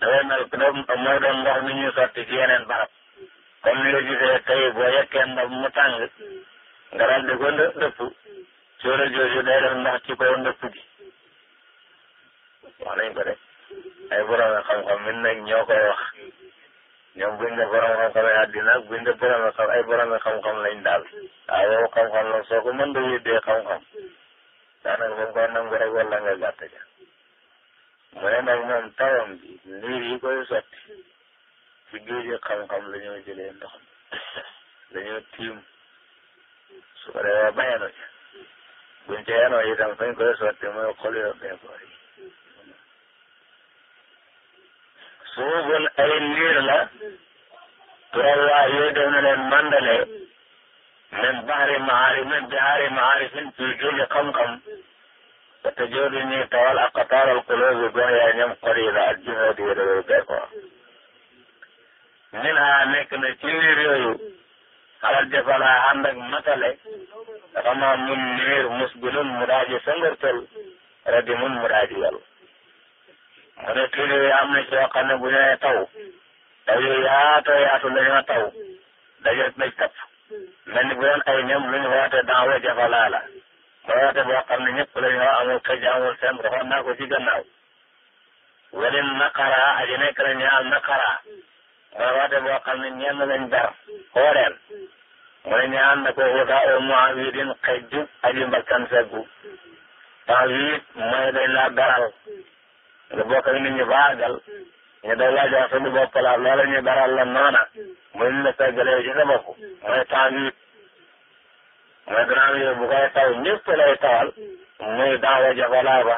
dafay mel ku doon mooy doon ndox mi ñuy sotti ci yeneen barab comme ni nga gisee tey boo yekkee ndox mu tàng nga di ko ndëpp cóola jooju day def ndox ci kaw ndëpp gi wax nañ ko de ay borom xam-xam min nag ñoo koy wax ñoom ne borom xam-xam yi àddina ak buñ ne borom xam ay borom xam-xam lañ daal waaw yow xam-xam la soo ko mën da wéddee xam-xam daanaka ba mu ko nangu rek wala nga gàtt ja mu ne nag moom tawam bi niir yi koy sotti ci géeju xam-xam la ñoo jëlee ndox mi la ñoo tiim su ko defee ba yanu ca buñ ca yanoo itam fañ koy sotti mooy xol yoo beekoor yi suufun ay niir la turalwaa yooyu def na leen mandale min bahri maari min bihaari maarifin fi julli xam-xam te tëjoo bi ñuy tawal ak kataaral kulóo bi yaa ñoom xol yi la ak jumóot yi réew beekoo min haa nekk na ci niir yooyu xalal jafalaa ànd ak matale dafa mun niir mus gunun mu daaji sëngërtël mun mu daaji yol mu ne tuuli yi am na ci yoo taw taw yu yaatu yaatu taw daje nañ kapp mel ni ay ñoom lu ñu woote daawa jafalaa la woote boo xam ne ñëpp la ñoo amul xëj amul seen waxoon naa ko ci gannaaw walin naqara aji nekk la ñu mooy woote boo xam ne ñenn lañ dar xooleel mu ne ñu ko wuta au wi din xëjju aji mbakkan seggu temps wii mooy dañ laa daral nga bokk ak nit ñu baagal ñu doon la jox suñu bopp la loola ñu daral la noona muy la seggalee ci sa mooy temps wii mooy grand yooyu bu koy taw ñëpp lay tawal muy daawa jabalaa ba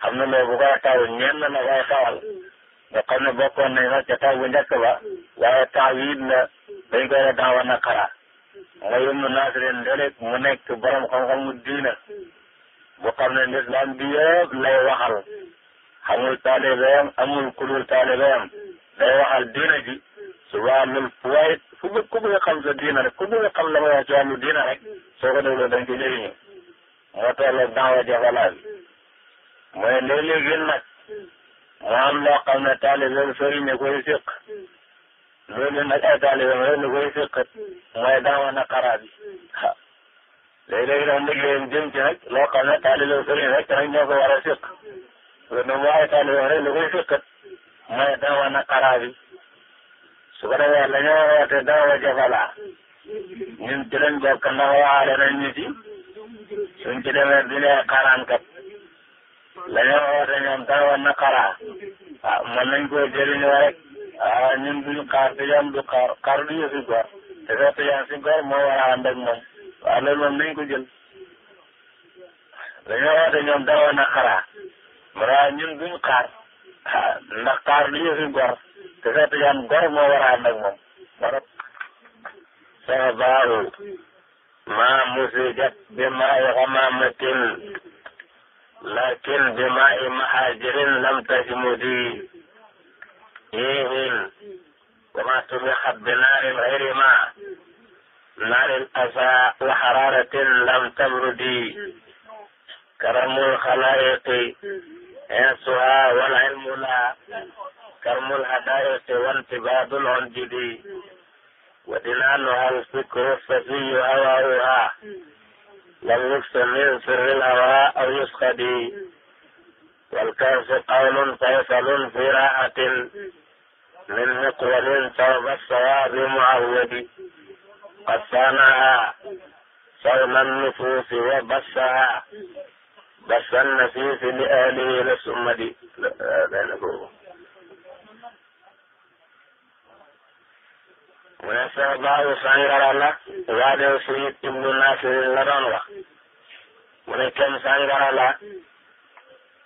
xam na loolu bu koy taw ñenn la koy tawal nga xam ne bokkoon nañ nag ca taw bu njëkk ba waaye taw yi la dañ koy la daawa naqara nga yëngu naasirin léeg mu nekk borom xam-xamu diina bu xam ne lislaam bi yëpp lay waxal xamul taalibeem amul ku dul taalibeem lay waxal diina ji subaa lul fu fu bëgg ku bëgg a xam sa diina rek ku bëgg a xam la may wax ci wàllu diina rek soo ko dégloo dañ ko jëriñu moo tolloog daawa jafalaal mooy léeg-léegi nag mu am loo xam ne taalibe sëriñ ne koy séq loolu nag ay taalibe rek ne koy séqat mooy daawa naqaraa bi ah léeg-léegi nag liggéeyam jëm ci nag loo xam ne taalibe sëriñ rek nag ñoo ko war a séq loolu nag mu ay taalibe rek ne koy séqat mooy daawa naqaraa bi su ko la ñoo woote daaw a jafe laa ñun ci lañ bokk ndax waxaale nañ ñu ci suñ ci demee du nee xaraankat la ñoo woote ñoom daaw a naqaraa ah mën nañ koo jëriñoo rek ah ñun duñu xaar te yam du xaar xaar du yëfi góor te fekk yaa si góor moo war a ànd ak moom waaw loolu moom ko jël la ñoo woote ñoom daaw a naqaraa waaw ñun duñu xaar ah ndax xaar du yëfi góor. te Cheikh Tidiane gor moo war a ànd ak moom barab Cheikh Baaru maa musigat bi maa i xamaamatin lakin bi maa i mahaajirin lam tajmudi yeehin وما سبقت بنار غير ما نار الأذى وحرارة لم تبردي كرم الخلائق ينسها والعلم لا karmul hadaiqi wantibadul onjudi ودنانها الفكر الصفي هواؤها لم يكسر سر الهوى أو يسخدي والكرس قول فيصل في راحة من مقول ثوب الصواب معود قد صانعها صون النفوس وبصها بس النفيس لأهله للسمد لا لا نقول mu ne sa sàngara la waadew sayid ibnu nasirin la doon wax mu ne kenn sàngara la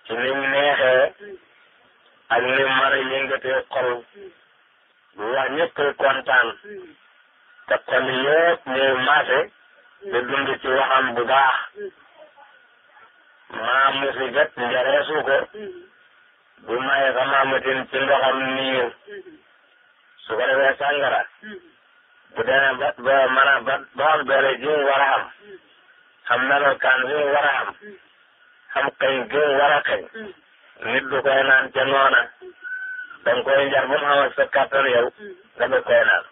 ci nim neexee ak nim mara yëngatee xol bu wax ñëpp kontaan te xol yëpp ñuy maase di dund ci waxam bu baax maamu si gat njareesu ko bu may xamaamatin ci ndoxam niir su ko defee sàngara bu ba ba mën a ba ba am doole ji mu war a am xam melokaan bi mu war a am xam kañ gi mu war a kañ nit du koy sa kattan yow nga du koy naan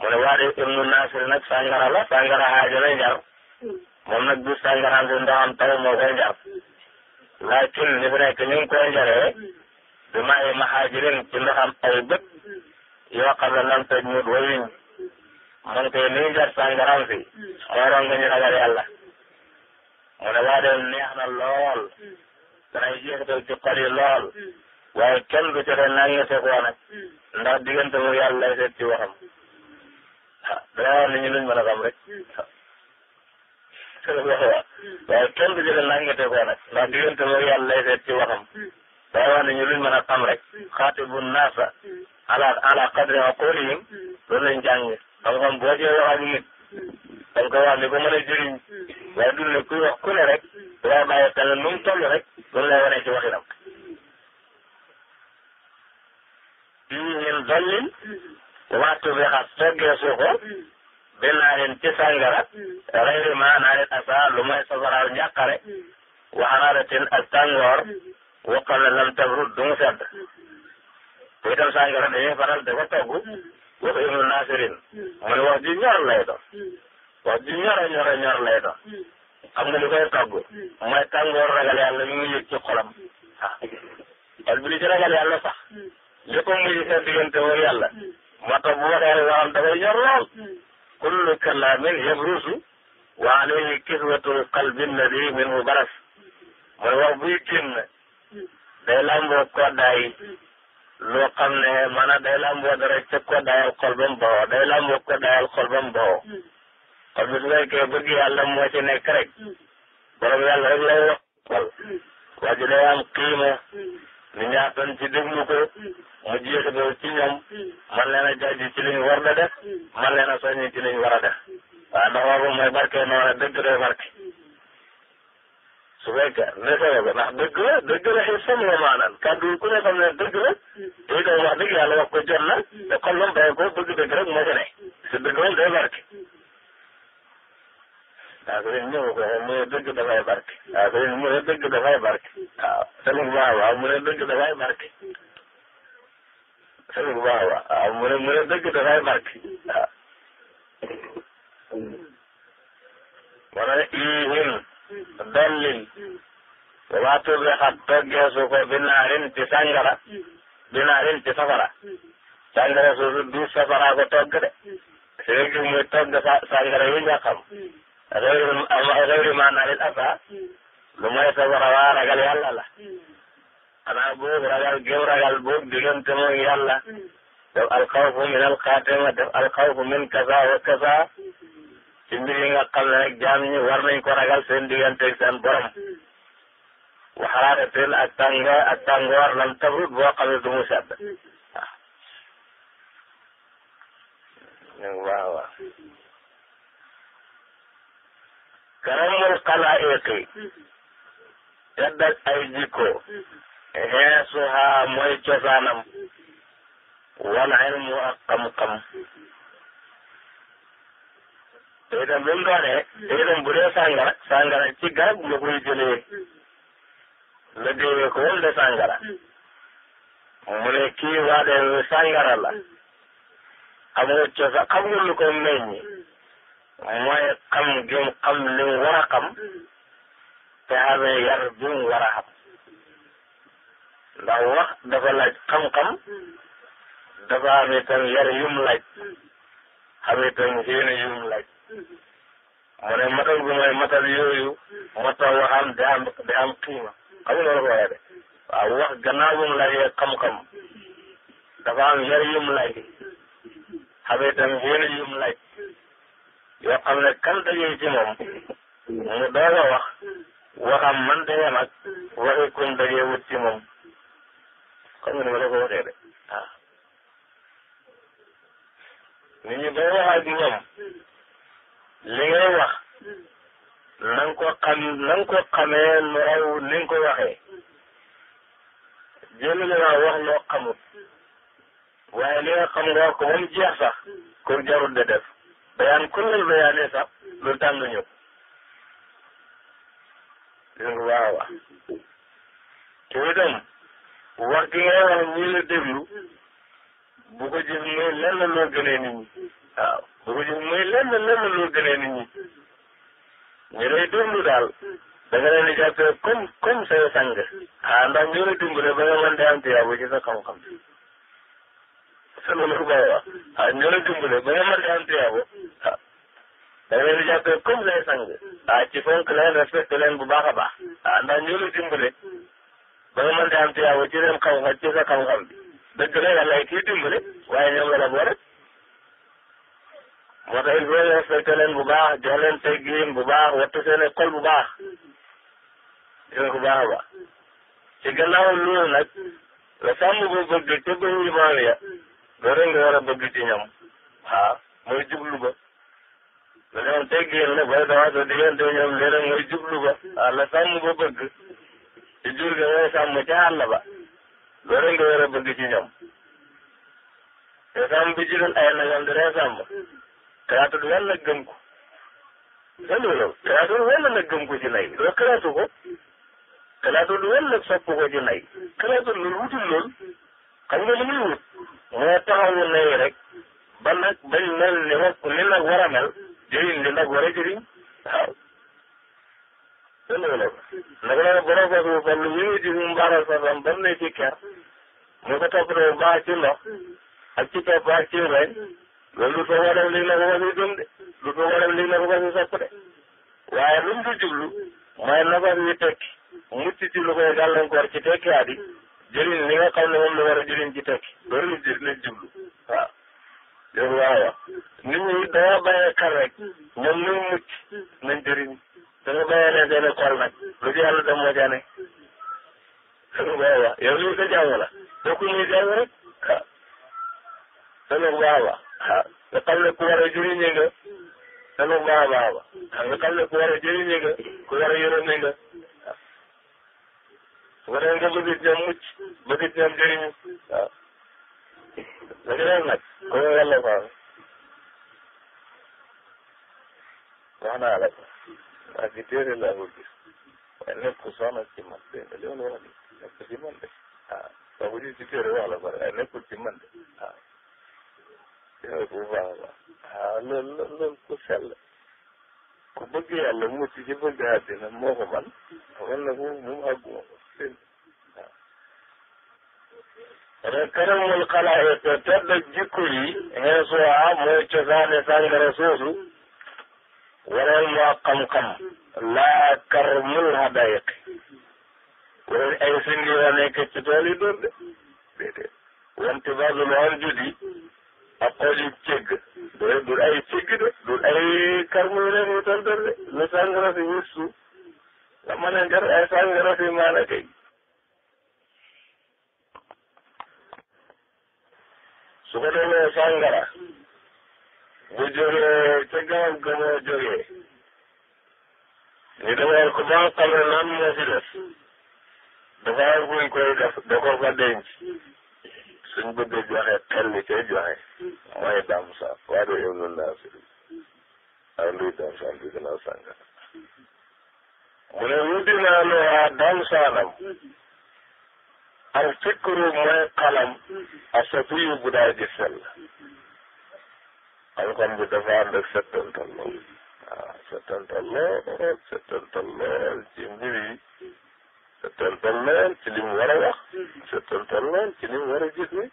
mu ne waa di ibnu nasir nag sàngara la sàngara xaaja la njar moom nag du sàngara bu ndoxam taw moo koy njar laakin li fi nekk ñu ay bët yoo xam ne lam ta ñuut wayuñ man koy luy jar sàngaram si xooroon nga ñu ragal yàlla mu ne waa neex na lool danay jeexital ci xol yi lool waaye kenn du joxe naa ngi tegoo nag ndax diggante wu yàlla lay seet ci waxam ah dana wax nit ñi luñ mën a xam rek (laughs) waaye kenn du joxe naa ngi tegoo nag ndax diggante wu yàlla ci waxam dana wax nit ñi luñ mën a xam rek xaati bu naasa ala ala qadri aqulihim hmm. loolu lañ jàng xam-xam boo dee wax ak nit ko mën a jëriñ hmm. waaye du ne ku ne rek hmm. lay bàyyi xel nu mu rek loolu lay wane ci waxinam fii min dallin waxtu bi xas soggeesu ko bi naarin ci sàngara rayri ma naarin asa lu mooy safaraaw njàqare waxaraaratin ak tàngoor waqala lam tabrut du mu sedd te itam saa yoo xam ne dañuy faral di ko togg boo ko ibnu nasirin mu ne ji ñor lay doon mm. ji ñor a ñor a ñor lay doon mm. xam nga li koy togg mm. mooy tàngoor ragal yàlla mi ngi yëg ci xolam ah xol bi li ci ragal yàlla sax li ko muy seen diggante wër yàlla moo tax bu waxee rek waxam dafay ñor lool kullu kalaamin yabrusu wa alayhi kiswatul qalbi alladi minhu baras mooy wax day loo xam ne maanaam day lamboo dara cëb ko dayal xol ba mu bawoo day lamboo ko dayal xol ba mu bawoo xol mm. bi su fekkee bëgg yàlla moo ci nekk rek mm. borom yàlla rek lay wax xol mm. waa ji day am ci déglu ko mu jeexital ci ñoom man leen a jaaj da def man leen a soññi ci li ñu war a def su fekkee nekkale ko ndax dëgg la dëgg la il faut nga maanaan kàddu yi ku ne xam ne dëgg la te itam wax dëgg yàlla wax ko jot na te xol lam bàyyi ko bëgg dëgg rek moo ci ne si dëgg moom day barke waaw te léegi ñëw ko mu ne dëgg dafay barke waaw te léegi mu ne dëgg dafay barke waaw sëñ bu baax waaw mu ne dëgg dafay barke sëñ bu baax waaw mu ne mu ne dëgg dafay barke waaw. dollin wa turri xat toggeesu ko binaarin ci sangara binaarin ci safara sangara suusu du safara ko togg de si léegi muy togg sangara yu nga xam xëyri maanaam asa lu mooy safara waa ragal yàlla la xanaa boog ragal gëm ragal def alxawfu min alxaatema def alxawfu min kaza wa kaza ci mbir yi nga xam ne rek jaam ñi war nañ ko ragal seen digganteeg seen borom waxaraate teel ak tàng ak tàngoor lam tabrut boo xam ne du mu sedd waaw waaw karamul xalaa'iqi tedd ak ay jikko xeesuhaa mooy cosaanam wal ilmu ak xam-xam te itam bi mu te itam bu dee sàngara sàngara ci garab nga koy jëlee la déwee ko woon de mu ne kii waa de la xam nga coosa xam nga lu ko meññ mooy xam gi mu xam li mu war a te amee yar bi mu war a xam ndax wax dafa laaj xam-xam dafa am itam yar yum laaj xam itam yéene yum laaj mu ne matal gu may matal yooyu moo tax waxam da am da am tuuma xam ko waxee de waaw wax gannaaw bu mu laajee dafa am yar yu mu laaj tam yéene yu mu yoo xam ne kan dajee ci moom mu doog a wax waxam man dajee nag waxi kun wut ci moom xam nga ni waxee de waaw nit ñi boo waxaat ñoom li ngay wax na nga ko xam na nga ko xamee lu raw ni nga ko waxee jënd naa wax loo li nga xam nga wax ko moom jeex sax kon jarul de def bayaan kullal bayaanee sax lu tàng ñëw dégg nga waaw te itam wax gi ngay wax ñii la déglu bu ko jëf mooy lenn loo gënee nit ñi bu ñu muy lenn lenn lu gënee nit ñi ñu daal da nga leen di jàppee comme comme say sang ah ndax ba nga mën di ci sa xam-xam sa loolu bay wax ah ñoo ba nga mën di am tiyaabu ah, ah da nga leen di jàppee comme say sang ah, leen bu baax a baax ah ndax ñoo la dimbale ba nga mën di ci sa xam-xam bi dëgg la yàlla kii dimbale waaye ñoom moo tax il faut ñu respecté leen bu baax jox leen bu baax wattu bu baax dégg ko baax la sàmm boo bëgg te bëgg ñu maam ya loolu nga war a bëgg ci ñoom waaw mooy jublu ba la ñoom teggin la booy dawaa sa diggante ñoom léeg mooy jublu ba waaw la sàmm jur ga ngay sàmm ca àll ba loolu nga war a bëgg ci ñoom te sàmm bi jurul xalaatu du yàlla gëm ko. xalaatu loolu xalaatu du yàlla la gëm ci lay loolu xalaatu ko. xalaatu du yàlla sopp ko ci lay. xalaatu loolu wutul lool. xam nga li muy wut. moo taxawu lay rek. ba nag bañ mel ni wax ni nag war a mel. jëriñ li nag war a jëriñ. waaw. xalaatu nag la ci ker. mu ko toppatoo baax ci ndox. ak ci topp loolu lu ko ko def léegi la de lu ko ko def léegi la ko ko si de waaye lu mu jublu mooy na ko si tekki mucc ci lu koy gàllankoor ci tekki at yi jëriñ li nga xam ne moom la war a jëriñ ci tekki loolu lu jëriñ la jublu waaw. yow waaw waaw nit ñi dañoo bàyyee rek ñoom ñu mucc nañ jëriñ dañoo bàyyee leen seen xol nag lu ci yàlla dem moo ca ne. waaw waaw yow li ñu dana ko baax a baax nga xam ne ku war a jëriñee nga dana ko baax a baax a baax nga xam ne ku war a jëriñee nga ku war a yërëmee nga su ko defee nga bëgg dina mucc bëgg dina jëriñu waaw. léegi nag nag ku ne yàlla ko am wax naa la ko waa ci téere laa ko gis waaye nekk ku soxna ci man de li ma la wax nii nekk ci man de waaw soo ko gis ci téere wax la ko rek waaye nekkul ci man de waaw. yow bu baax la waaw loolu loolu ku sell ku bëgg yàlla mucc ci moo ko man wala moom moom àgguma ko seen waaw. karamul xalaa'iq tedd ak jikko yi xeesuwaa mooy cosaane sàngara soosu waral moo xam-xam laa karamul hadayiq wala ay sindi yoo nekk ci tool yi doon de déedéet wante judi ak xool yu cégg loolu ay cégg de dul ay karmu yu leen wutal de lu si wut suuf la mën ay sàngara si maana kay su ko demee sàngara bu jógee ca ga moo jógee ni dangay ko ba xamee nan moo fi def dafa am buñ koy su mu bëggee joxe xel li koy joxe mooy dam saaf waaye doo yëg lu naafiri ak luy dam saaf bi gën a sànga mu ne wuddi naa loo waa dam saanam al fikru mooy xalam asafiyu bu daay di sell xam-xam bi dafa ànd ak settantal lool waaw settantal lool settantal lool ci mbir yi te tontal na leen ci li mu war a wax te tontal na leen ci li mu war a gis ni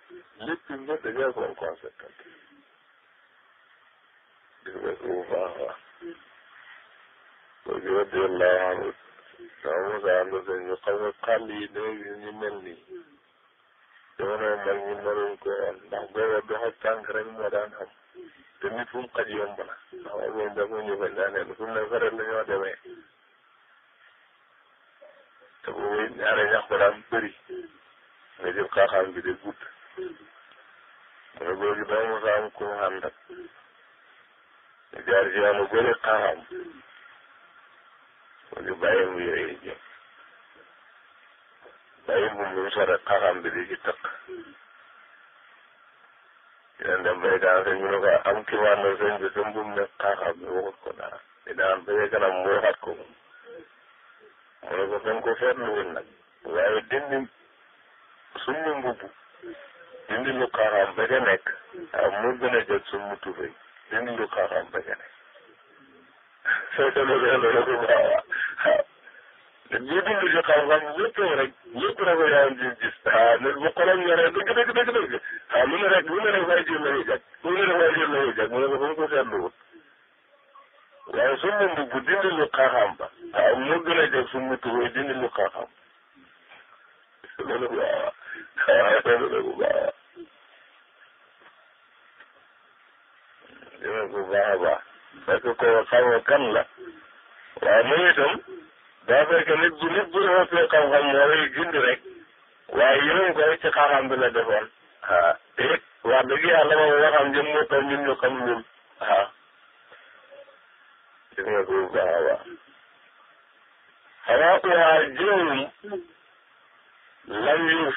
lépp nga dañoo ko conséquent gis nga ko bu baax a baax loolu yëpp yow laa waxoon sama musaab la sëñ bi xam nga xàll yi léegi ñu mel nii jamono mag ñi mënuñ ko woon ndax booba doxa tànk rek moo daan am te nit fu mu xaj yomb na ndax wax dëgg yàlla ñu bañ daaneel fu mu ne faral la ñoo te boobu ñaare ñax ko daan bëri nga jël xaaxaam bi di gudd mu ne boobu doo mos a am mu ànd ak ñu jaar ci yoonu bëri xaaxaam mu ñu bàyyi mu yore jëm bàyyi mu mu sore xaaxaam bi di ci tëkk dinañ dem bay daan sëñ bi ne ko am ki wàllu sëñ bi sa mbum ne xaaxaam bi waxut ko dara di daan ba kanam mu waxaat ko mu ne ko da nga ko seetluwul nag waaye dindi summi mbubb dindi lu xaram ba ca nekk ah moo gën a jot summi tubéy dindi lu xaram ba ca nekk fekk na loolu ko baax waaw ñu dund ci xam-xam yëpp rek yëpp rek yaa ngi gis ah nit bu xolam yoree dëgg dëgg dëgg dëgg ah lu ne rek lu ne rek waaye jël la ñu jag lu ne rek waaye jël la ñu jag mu ne ko fa mu ko seetluwul waaye sumb mbubb dindi lu xaaxaam ba waaw moo gën a jóg sumb tubéy dindi lu xaaxaam loolu baax waaw loolu baax dina ko baax ko xamoo kan la waaye moom itam daa fekk bu nit bu rafetee xam-xam moo lay gindi rek waaye yéen koy ci xaaxaam bi la defoon ah te it wax dëgg yàlla moom waxam jëm moo tax ñun ñu xam ñun ah nga bu baax a baax xanaa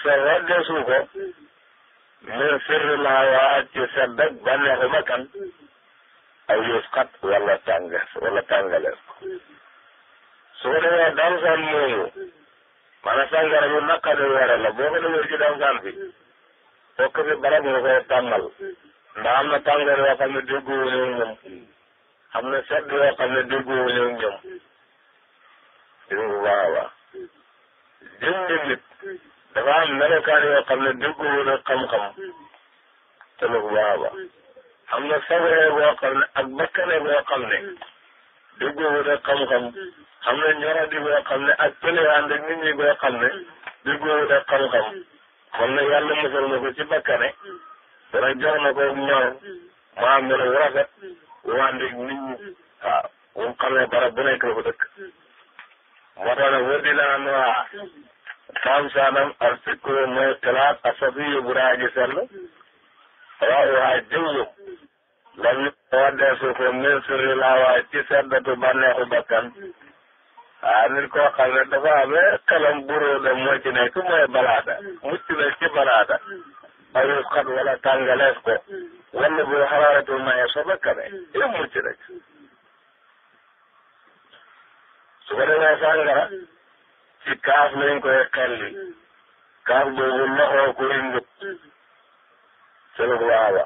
waa ko min sirri laa waa ci seddak bànneexu bakkan aw yus xat wala tàngas wala tàngalees ko su ko defee dansan moomu maanaam sàngara yu naqari wara la boo ko defee ci dansan bi fokk fi barab nga koy tàmmal ndax am na tàngoor yoo xam ne déggu wu moom am na sett yoo xam ne déggoo ñëw ñoom dégg nga bu baax a baax dafa am melokaan yoo xam ne déggoo na xam-xam te lu bu baax a baax am na sabaree boo xam ne ak bakkane boo xam ne déggoo na xam-xam am na ñoradi boo xam ne ak pëléwaan rek nit ñi boo xam ne déggoo na xam-xam kon nag yàlla musal na ko ci bakkane dana jox na ko ñor maa mel wu rafet wandeeg nit ñi waaw bu mu xamee barab bu nekk la fa dëkk moo tax al fikru mooy xalaat asafiyu bu raa ji sell waaw waa jëw yo lam ñu waddeesu ko min sirri laa waay ci seddatu bànneexu bakkan ah nit koo xam ne dafa amee xelam buróo de moo ci nekk mooy balaada mucc na mayus xat wala tàngalees ko wala bu xaraaratul maye soba kabe yow mucc rek su ko defee sàngara ci kaas lañ koy xelli kaas boobu loxoo ko yëngu ci la ko waaba